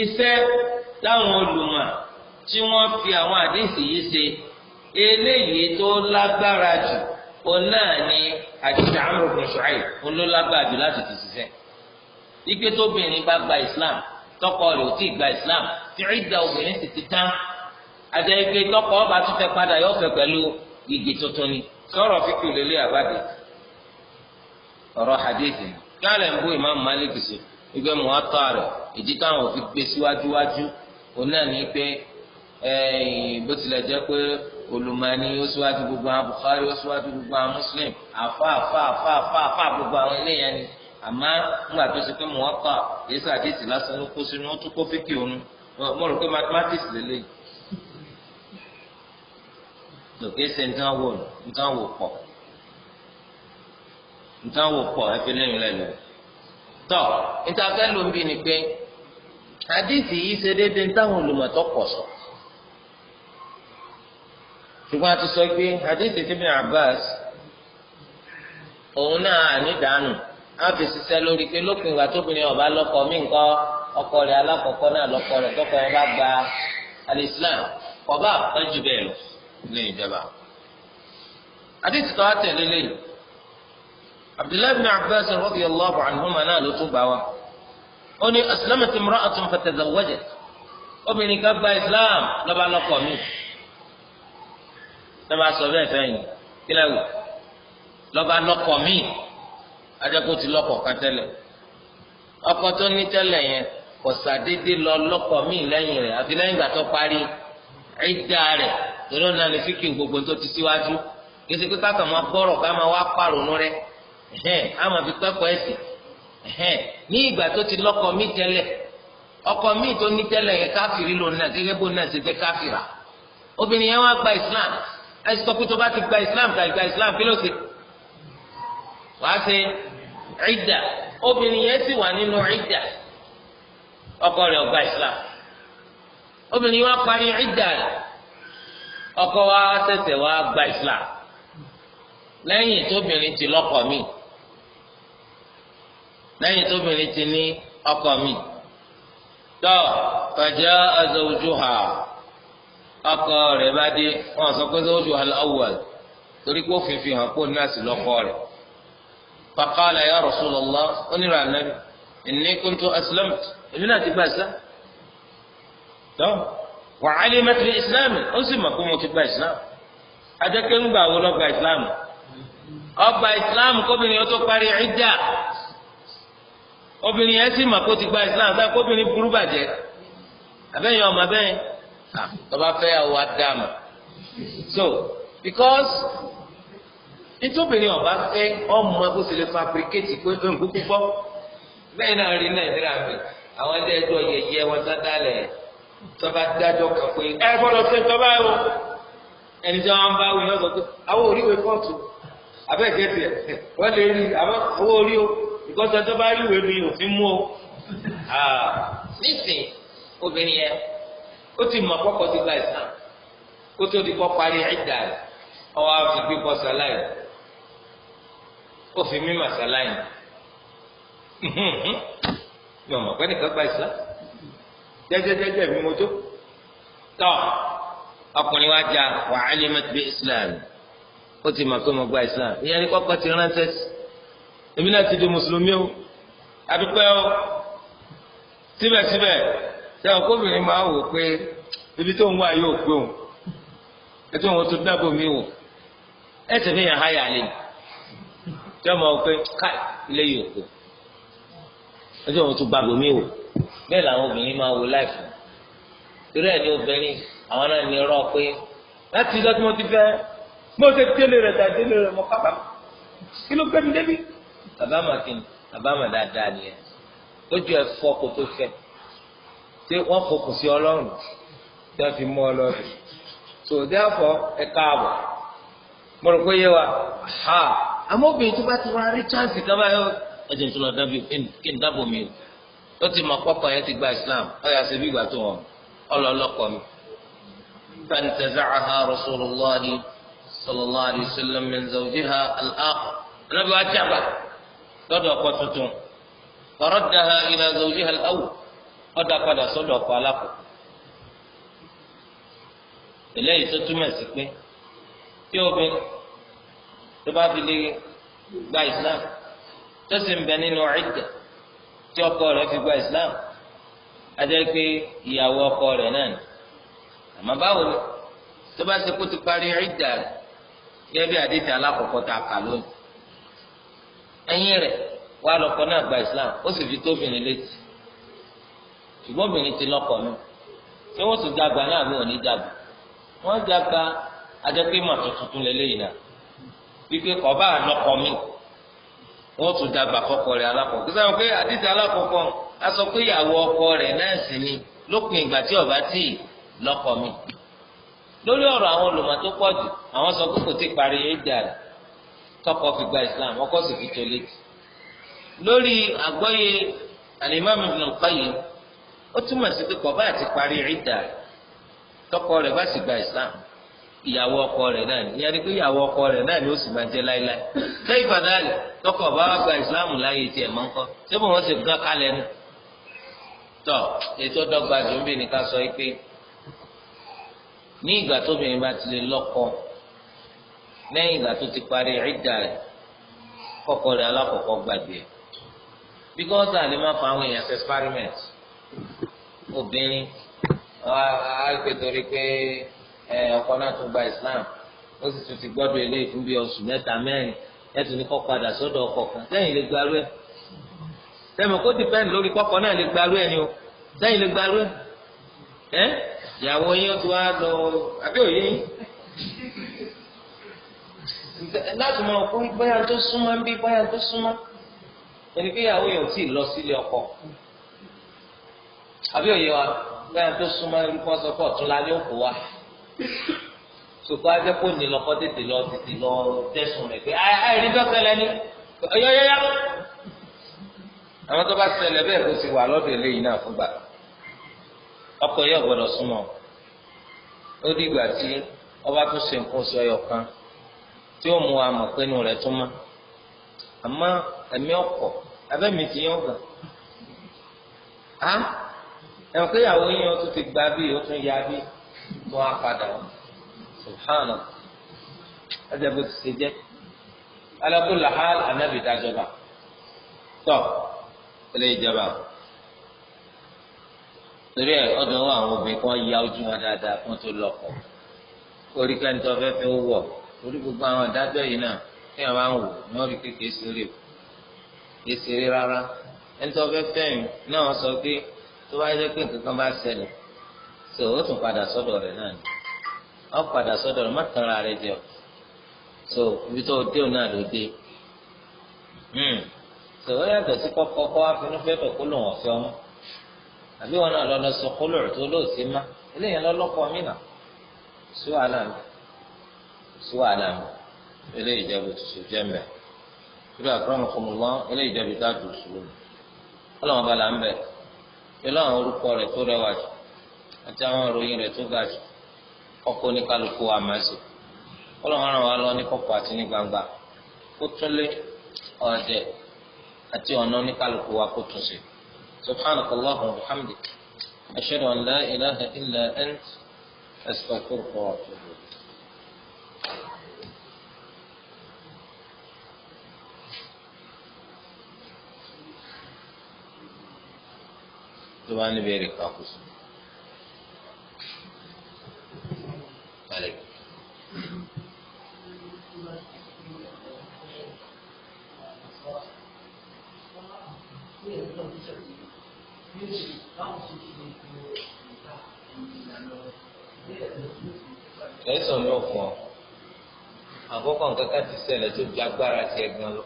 iṣẹ́ táwọn òun náà ni àdìsí Amr ibn Shu'ayb olólágbàdù láti ti ṣiṣẹ́ ipe tóbìnrin bá gba Islam tọkọ rẹ̀ ò tí ì gba Islam tí ìdá obìnrin sì ti tán àti ipe tọkọ ọba tún fẹ́ padà yóò fẹ́ pẹ̀lú igi tuntun ni sọ̀rọ̀ fífi lélẹ̀ àbádé ọ̀rọ̀ hadithi yálẹ̀ ń bú Imam Malik sí ipe Muwatta rẹ̀ ìdí táwọn òfin gbé síwájúwájú òun pé bó tilẹ̀ jẹ́ pé olùmọ̀ọ́ni ó síwájú gbogbo àwọn Bukhari ó síwájú gbogbo àwọn Muslim àfa àfa àfa àfa àfa gbogbo àwọn eléyàn ni àmọ́ nígbà tó ṣe pé mo wọ́n kà yéésù àdéhìsì lásán ló kó sínú ó tún kó fíkì òun mo rò pé mathematics lélẹ́yìn lòkè ṣe nǹkan wò nǹkan wò pọ̀ nǹkan wò pọ̀ ẹ lẹ́yìn lẹ́nu tọ́ níta ló ń bí ni pé àdéhìsì yìí ṣe déédéé táwọn olùmọ̀tọ́ pọ̀ sọ. ṣùgbọ́n a ti sọ pé hadith ibn Abbas òun náà nídàánù á fi ṣiṣẹ́ lórí pé lópin ìgbà tóbìnrin ọba lọ́kọ mí nǹkan ọkọ rẹ̀ alákọ̀ọ́kọ́ náà lọ́kọ rẹ̀ tọkọ bá gba al-Islam àpẹjù bẹ́ẹ̀ lọ ní ìjọba. hadith tó wá tẹ̀lé lẹ́yìn Abdullahi ibn Abbas radiyallahu anhuma náà ló tún gbà wá ó ní aslamat imra'atun fatazawwajat obìnrin kan gba Islam lọ́ba tó bá sọ bẹ́ẹ̀ fẹ́yìn kílẹ̀ wò lọ́ba lọ́kọ̀ míì adẹ́kùn ti lọ́kọ̀ kan tẹlẹ ọkọ tó ní tẹlẹ yẹn kò sàdédé lọ lọ́kọ̀ míì lẹyìn rẹ àfi lẹ́yìn ìgbà tó parí ẹ̀dá rẹ̀ torí ní fíkì gbogbo tó ti síwájú kìsì ẹsì sọ pé tó bá ti gba islam ká gba islam kí ló ṣe wàá ṣe ìdà obìnrin yẹn sì wà nínú ìdà ọkọ rẹ̀ ọgbà islam obìnrin wa parí ìdà rẹ̀ ọkọ wa ṣẹ̀ṣẹ̀ wá gba islam lẹ́yìn tóbìnrin ti lọ́kọ mi lẹ́yìn tóbìnrin ti ní ọkọ mi tó fajaa zawjuha. ọkọ rẹ̀ bá dé wọn sọ pé sọ oṣù al torí pé òfin fi ya Rasulullah onírà nàbì inni kuntu aslamtu èmi náà ti gba islam tó wa alimat li islam ó sì pé mo ti gba islam adékè ń gbà wo islam islam kóbìnrin ó tó parí obìnrin yẹn sì pé ó ti gba islam sáà kóbìnrin burú bàjẹ́ Ah, tọ́ba fẹ́ yàwó adamu so because nítòbìnrin ọba fẹ́ ọmọ bó ṣe lè fabricate pé ó ń kúkú bọ́ bẹ́ẹ̀ náà rí nàìjíríà mi àwọn ilé ẹjọ́ yẹyẹ wọn tán dálẹ̀ tọ́ba dájọ́ kan pé ẹ gbọ́dọ̀ fẹ́ tọ́ba ẹ̀ wọ ẹni tí wọ́n bá wí lọ́sọ̀ tó àwọn oríwèé kóòtù abẹ́ẹ̀kẹ́tì ẹ̀ wọ́n lè rí owó orí o ìkọ́sọ̀ tó bá rí ìwé mi ò fi mú o ah, nísìnyí obìnrin yẹn ó ti mọ̀ kọ́kọ́ ti gba ìsàn kó tó di kọ́ parí ìdá rẹ̀ ọwọ́ àfi gbígbọ́ sàláì ó fi mímọ̀ sàláì yọ mọ̀ pé nìkan gba ìsàn jẹ́jẹ́jẹ́jẹ́ mi mo tó tọ́ ọkùnrin wa jà wa alimat bi islam ó ti mọ̀ pé mo gba islam ìyẹn ní kọ́kọ́ ti ránṣẹ́ sí èmi náà ti di mùsùlùmí o àdúpẹ́ o síbẹ̀síbẹ̀. sẹ́wọ̀n kóbìnrin máa wò pé ibi tó ń wá yóò gbé òun ètò ìwọ̀n tó dábò mí wò ẹ̀ sì fi hàn háyà lé jọ́ mọ̀ pé káì ilé yóò gbé ètò ìwọ̀n tó gbàgbọ́ mí wò bẹ́ẹ̀ làwọn obìnrin máa wò láìfọ̀ irú ẹ̀ ní obìnrin àwọn náà ní rọ pé láti ìjọ tí mo ti fẹ́ mi débi. bàbá màkìn bàbá màdáadáa ni ẹ ẹ fọ́ ṣé wọ́n kò kù sí ọlọ́run tí wọ́n fi mú ọ lọ́dún so therefore ẹ káàbọ̀ mo rò pé yé wa ha àmọ́ obìnrin tó bá ti wá rí chance kan báyọ̀ ẹ̀jẹ̀ tó lọ dábì kí n dábò mi ó ti mọ pọ́pọ́ yẹn ti gba Islam ó yà ṣe ìgbà tó wọn ọlọ́ọ̀lọ́kọ̀ mi. فانتزعها رسول الله صلى الله عليه وسلم من زوجها الآخر النبي واتعبه تدعو قصته فردها إلى زوجها الأول ọ̀dà padà sọdọ ọkọ̀ alákọ̀ọ́kọ́ eléyìí tó túmọ̀ sí pé tí obìnrin tó gba islam tó sì ń bẹ nínú idda ọkọ rẹ̀ fi gba islam adé pé ìyàwó ọkọ rẹ̀ náà ni àmọ́ báwo ni tó bá ti kú ti parí rẹ̀ gẹ́gẹ́ bí alákọ̀ọ́kọ́ ta kà lónìí ẹ̀yìn rẹ̀ wà náà gba islam ó sì fi tóbi ní létí. ṣùgbọ́n obìnrin ti lọ́kọ mi ṣé wọ́n sì dàgbà náà mi ò ní dàgbà wọ́n dàgbà adẹ́pẹ́ mà tuntun lélẹ́yìn náà wípé kọ́ba àlọ́kọ mi wọ́n tún dàgbà fọkọ rẹ̀ alákọ̀ọ́kọ́ kí sáwọn pé àdìsí alákọ̀ọ́kọ́ a sọ pé ìyàwó ọkọ rẹ̀ náà sì ni lópin ìgbà tí ọba tí lọ́kọ mi lórí ọ̀rọ̀ àwọn olùmọ̀ tó pọ̀ jù àwọn sọ pé kò tí parí ẹ̀dà rẹ̀ tọkọ fi gba Islam ọkọ sì fi tó létí lórí àgbọ́yé Al-Imam Ibn Qayyim ó túmọ̀ sí pé kọ̀ọ̀bá àti parí ìdá rẹ̀ tọkọ rẹ̀ bá sì gba ìsìlámù ìyàwó ọkọ rẹ̀ náà ni ìyàní pé ìyàwó ọkọ rẹ̀ náà ni ó sì máa jẹ́ láéláé lẹ́yìn fàdáàlì tọkọ bá wá gba ìsìlámù láàyè tiẹ̀ mọ́ ńkọ́ ṣé bò wọ́n sì gán kalẹ̀ nù. tọ ètò ọdọgba dùnbí ni ká sọ pé ní ìgbà tóbìnrin bá ti lè lọ́kọ lẹ́yìn ìgbà tó ti parí ìdá rẹ̀ kọ́kọ́ rẹ̀ alákọ̀ọ́kọ́ gbàgbé bíkọ́sì àlè má fa àwọn èèyàn experiment obìnrin àìpé torí pé ọkọ náà tún gba islam ó sì tún ti gbọ́dọ̀ eléyìí fún bíi oṣù mẹ́ta mẹ́rin ẹtù ní kọ padà sọ́dọ̀ ọkọ kan sẹ́yìn lè gbarú ẹ sẹmọ kó dìpẹǹd lórí kọkọ náà lè gbarú ẹ ni o sẹ́yìn lè gbarú ẹ ẹ ìyàwó yín ó ti wá lọ àbí òye yín láti mọ òkú bóyá tó súnmọ́ bí bóyá tó súnmọ́ ẹni pé ìyàwó yẹn ò tí ì lọ sílé ọkọ àbí òye wa bẹ́ẹ̀ tó súnmọ́ ẹni kọ́ sọ pé ọ̀tún la òkú wa sòkò ajẹ́ kó ní lọ́kọ́ tètè lọ tètè lọ rẹ̀ pé àwọn tó bá bẹ́ẹ̀ wà lọ́dọ̀ eléyìí náà ọkọ̀ súnmọ́ ó ìgbà tí ọba tó ṣe nǹkan oṣù ẹyọ kan tí ó mú pé inú rẹ̀ tún mọ́ àmọ́ ẹ̀mí ọkọ̀ abẹ́mi ti á. ẹ̀wọ̀n pé ìyàwó yín ó tún ti gba bí ó tún ya bí tó á padà wọn subhana ẹsẹ̀ bó ti ṣe jẹ́ alákó làhál anábì dájọba tọ́ ilé ìjọba torí ẹ ọdún wa àwọn obìnrin kan ya ojú wọn dáadáa kó tó lọ́kọ orí kẹ́ńtọ́ fẹ́fẹ́ ó wọ̀ orí gbogbo àwọn ìdájọ́ yìí náà tí wọn bá ń wò ní wọn rí kékeré ṣeré o kékeré rárá ẹni tó fẹ́ náà sọ pé tó bá yẹ pé nǹkan bá ṣẹlẹ̀ tó o tún padà sọ́dọ̀ rẹ̀ náà ni ọ padà sọ́dọ̀ rẹ̀ má tàn ra rẹ̀ jẹ so ibi tó o dé o náà ló dé tó hmm. o yàtọ̀ sí kọ́kọ́kọ́ afẹnufẹ́tọ̀ kó lòun ọ̀fẹ́ ọmọ àbí wọn náà lọ́lọ́ sọ kó lòrò tó lóòsì má eléyìí lọ́lọ́kọ̀ mí nà sí wàhálà mi sí wàhálà mi eléyìí jẹ́ bó ti jẹ́ mẹ́ kí ló àkọ́rọ́ mi kọ́ mu eléyìí jẹ́ bí táà tó sùn lónìí ọlọ́wọ́n bá là ń bẹ̀rẹ̀ pẹ̀lú àwọn orúkọ rẹ̀ tó rẹwà jù àti àwọn ìròyìn rẹ̀ tó ga jù kọ́kọ́ ní kálukú àmásì ọlọ́run ràn wá lọ ní kọ̀kọ̀ àti ní gbangba kó túnlé ọ̀dẹ̀ àti ọ̀nà ní kálukú wa kó tún sí. سبحانك اللهم وبحمدك أشهد أن لا إله إلا أنت أستغفرك وأتوب إليك tó bá níbi èrè kàkóso. ẹsọ ní ọkàn àkọ́kọ́ nǹkan ká ti ṣẹlẹ̀ tó di agbára tiẹ̀ gan lọ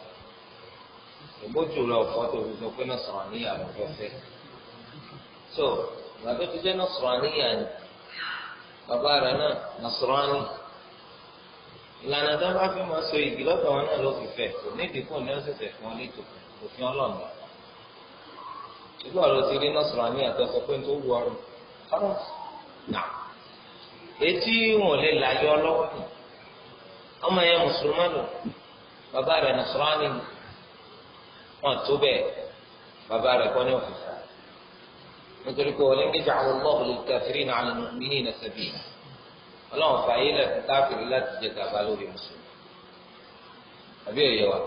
ìbójú rẹ ọkọ tó fi sọ pé náà sọ̀rọ̀ níyàwó fẹfẹ. so bàbá tó jẹ́ nasrani yà oh, ni bàbá rẹ̀ náà nasrani ìlànà tó bá fi máa so igi lọ́dọ̀ wọn náà ló fi fẹ́ kò ní ìdínkù ní ọ̀sẹ̀ tẹ̀ fún ọ létò òfin ọlọ́ọ̀nà ìgbà ọ̀rọ̀ ti rí nasrani àtọ́sọ pé tó wù ọrùn ọ̀rọ̀ nà etí wọn lè ọlọ́wọ́ nítorí pé wọn ní ja'ala Allahu lil-kafirina 'ala al-mu'minina sabila ọlọ́run fààyè lẹ́kùn káfíìrì láti jẹ gàba lórí mùsùlùmí àbí ẹ̀yẹ wa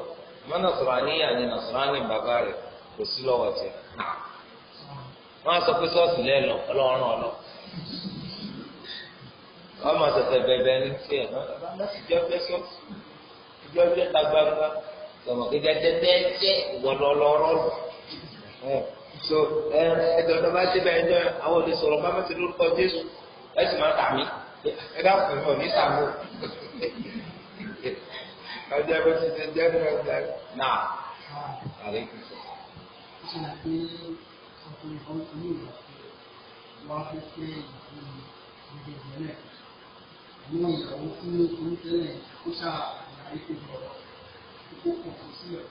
ọmọ nasarani àní nasarani bàbá rẹ kò sí lọ́wọ́ tiẹ̀ wọ́n á sọ pé sọ́ọ̀sì lẹ́ lọ ọlọ́run ọlọ́ wọ́n máa tẹ̀tẹ̀ bẹ̀bẹ̀ ní tiẹ̀ náà láti jẹ́ pé sọ́ọ̀sì ìjọ so ẹ ẹjọ tó bá ṣe bẹ́ẹ̀ ẹjọ àwọn olùsọ̀rọ̀ bá mẹ́tẹ̀ lórúkọ jésù ẹ sì máa tàmí ẹ dákun ìfọ̀ ní sàmú ọjọ́ ẹ bó ti ṣe jẹ́ ní ọjà náà àrí. wọ́n fẹ́ pé ìdílé ìdílé àwọn ìyàwó fún oníkẹ́lẹ̀ kó sáà àyà ètò ìrọ̀rọ̀ kókó kò sílẹ̀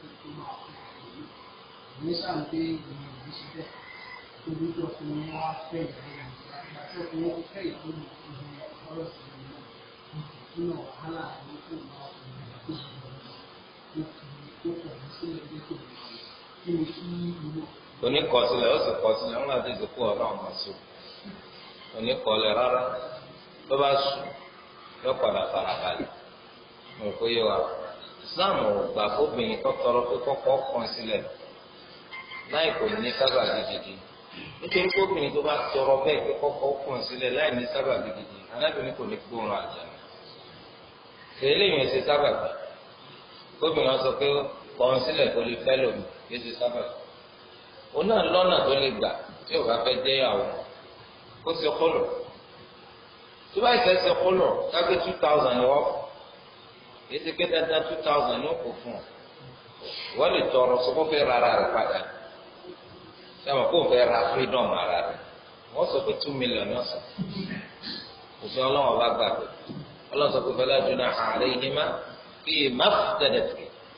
ní sàǹdé ìgbìyànjú síbẹ̀ tóbi tó fi wọ́n fẹ́ ìgbìyànjú tó fi wọ́n fẹ́ ìgbìyànjú ọ̀rọ̀ sí i nínú wàhálà àwọn tó wà ó fi ó kọ̀ ní sílẹ̀ lẹ́tọ̀ kí ni kí ìlú. oníkọsílẹ̀ ó sì kọsílẹ̀ ńlá tó ti kú ọ̀rọ̀ àwọn sùn oníkọlẹ̀ rárá tó bá sùn yóò padà farabalẹ̀ mo kó yé wa Islam ò gbà fóbìnrin tó tọrọ pé kọ́kọ́ kàn sílẹ̀ láì kò ní sábà gidigidi nítorí pé obìnrin tó bá tọrọ bẹ́ẹ̀ pé kọ́kọ́ kùn sílẹ̀ láì ní sábà gidigidi anábìnrin kò ní gbóòórùn àjà tèyí lèyìn ẹsẹ sábà gbà gómìnà sọ pé kọ́n sílẹ̀ kó lè fẹ́ lòmù ẹsẹ sábà gbà òun náà lọ́nà tó lè gbà tí ò bá fẹ́ jẹ́ ìyàwó kó ṣe kólọ̀ tó bá ìfẹ́ ṣe kólọ̀ kágbé two thousand ni wọ́n èsì pé dandan two thousand ni ó kò fún ọ wọ́n lè tọrọ sọ fẹ́ rárá rẹ̀ padà sẹ́wọ̀n kó fẹ́ ra freedom ara rẹ̀ wọ́n sọ pé two million ọ̀sán òfin ọlọ́wọ́n bá gbà pé ọlọ́run sọ pé fẹ́lá jùlọ àárẹ̀ yìí má kí ì má dẹ̀dẹ̀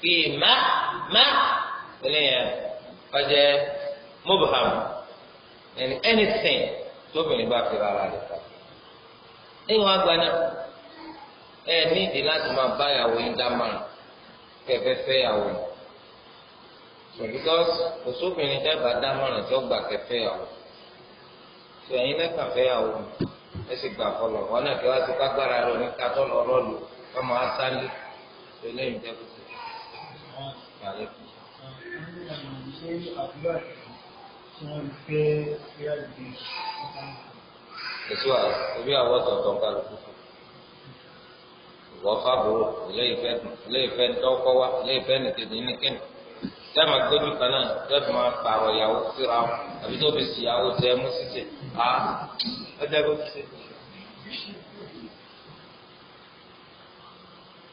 kí ì má má tẹ́lẹ̀ yẹn ọjẹ́ mobham ẹni anything tóbìnrin bá fi rárá rẹ̀ ta ẹ̀yin wọn gbaná ẹ̀ nídìí láti máa bá ìyàwó yín dá márùn kẹfẹ́ fẹ́ ìyàwó yín so because kò sóbìnrin dábàá dámọ̀ràn tí ó gbà kẹfẹ́ yàwó so ẹ̀yin lẹ́kàn fẹ́ yàwó ẹ sì gbà fọlọ̀ wọn náà kí wọ́n ti kágbára rẹ̀ ní kátó lọ rọ́ọ̀lù ọmọ asálẹ̀ tó lẹ́yìn tẹ́kù tó kàlẹ́ kù. ṣé àdúrà tí wọ́n fẹ́ fẹ́ àgbè èso àwọn ebi àwọn tọ̀tọ̀ kálukú wọ́n fábùrù ilé ìfẹ́ dọ́kọ́ wa ilé ìfẹ́ nìkejì nìkejì. tẹ́ẹ̀mà gbẹ́jú kan náà tẹ́ẹ̀fì máa pààrọ̀ ìyàwó síra wọn àbí tó fi sì awo tẹ́ mú sísè á ọjọ́ bó ti ṣe.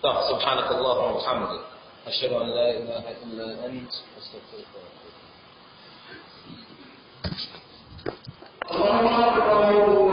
طب سبحانك اللهم وبحمدك أشهد أن لا إله إلا أنت أستغفرك وأتوب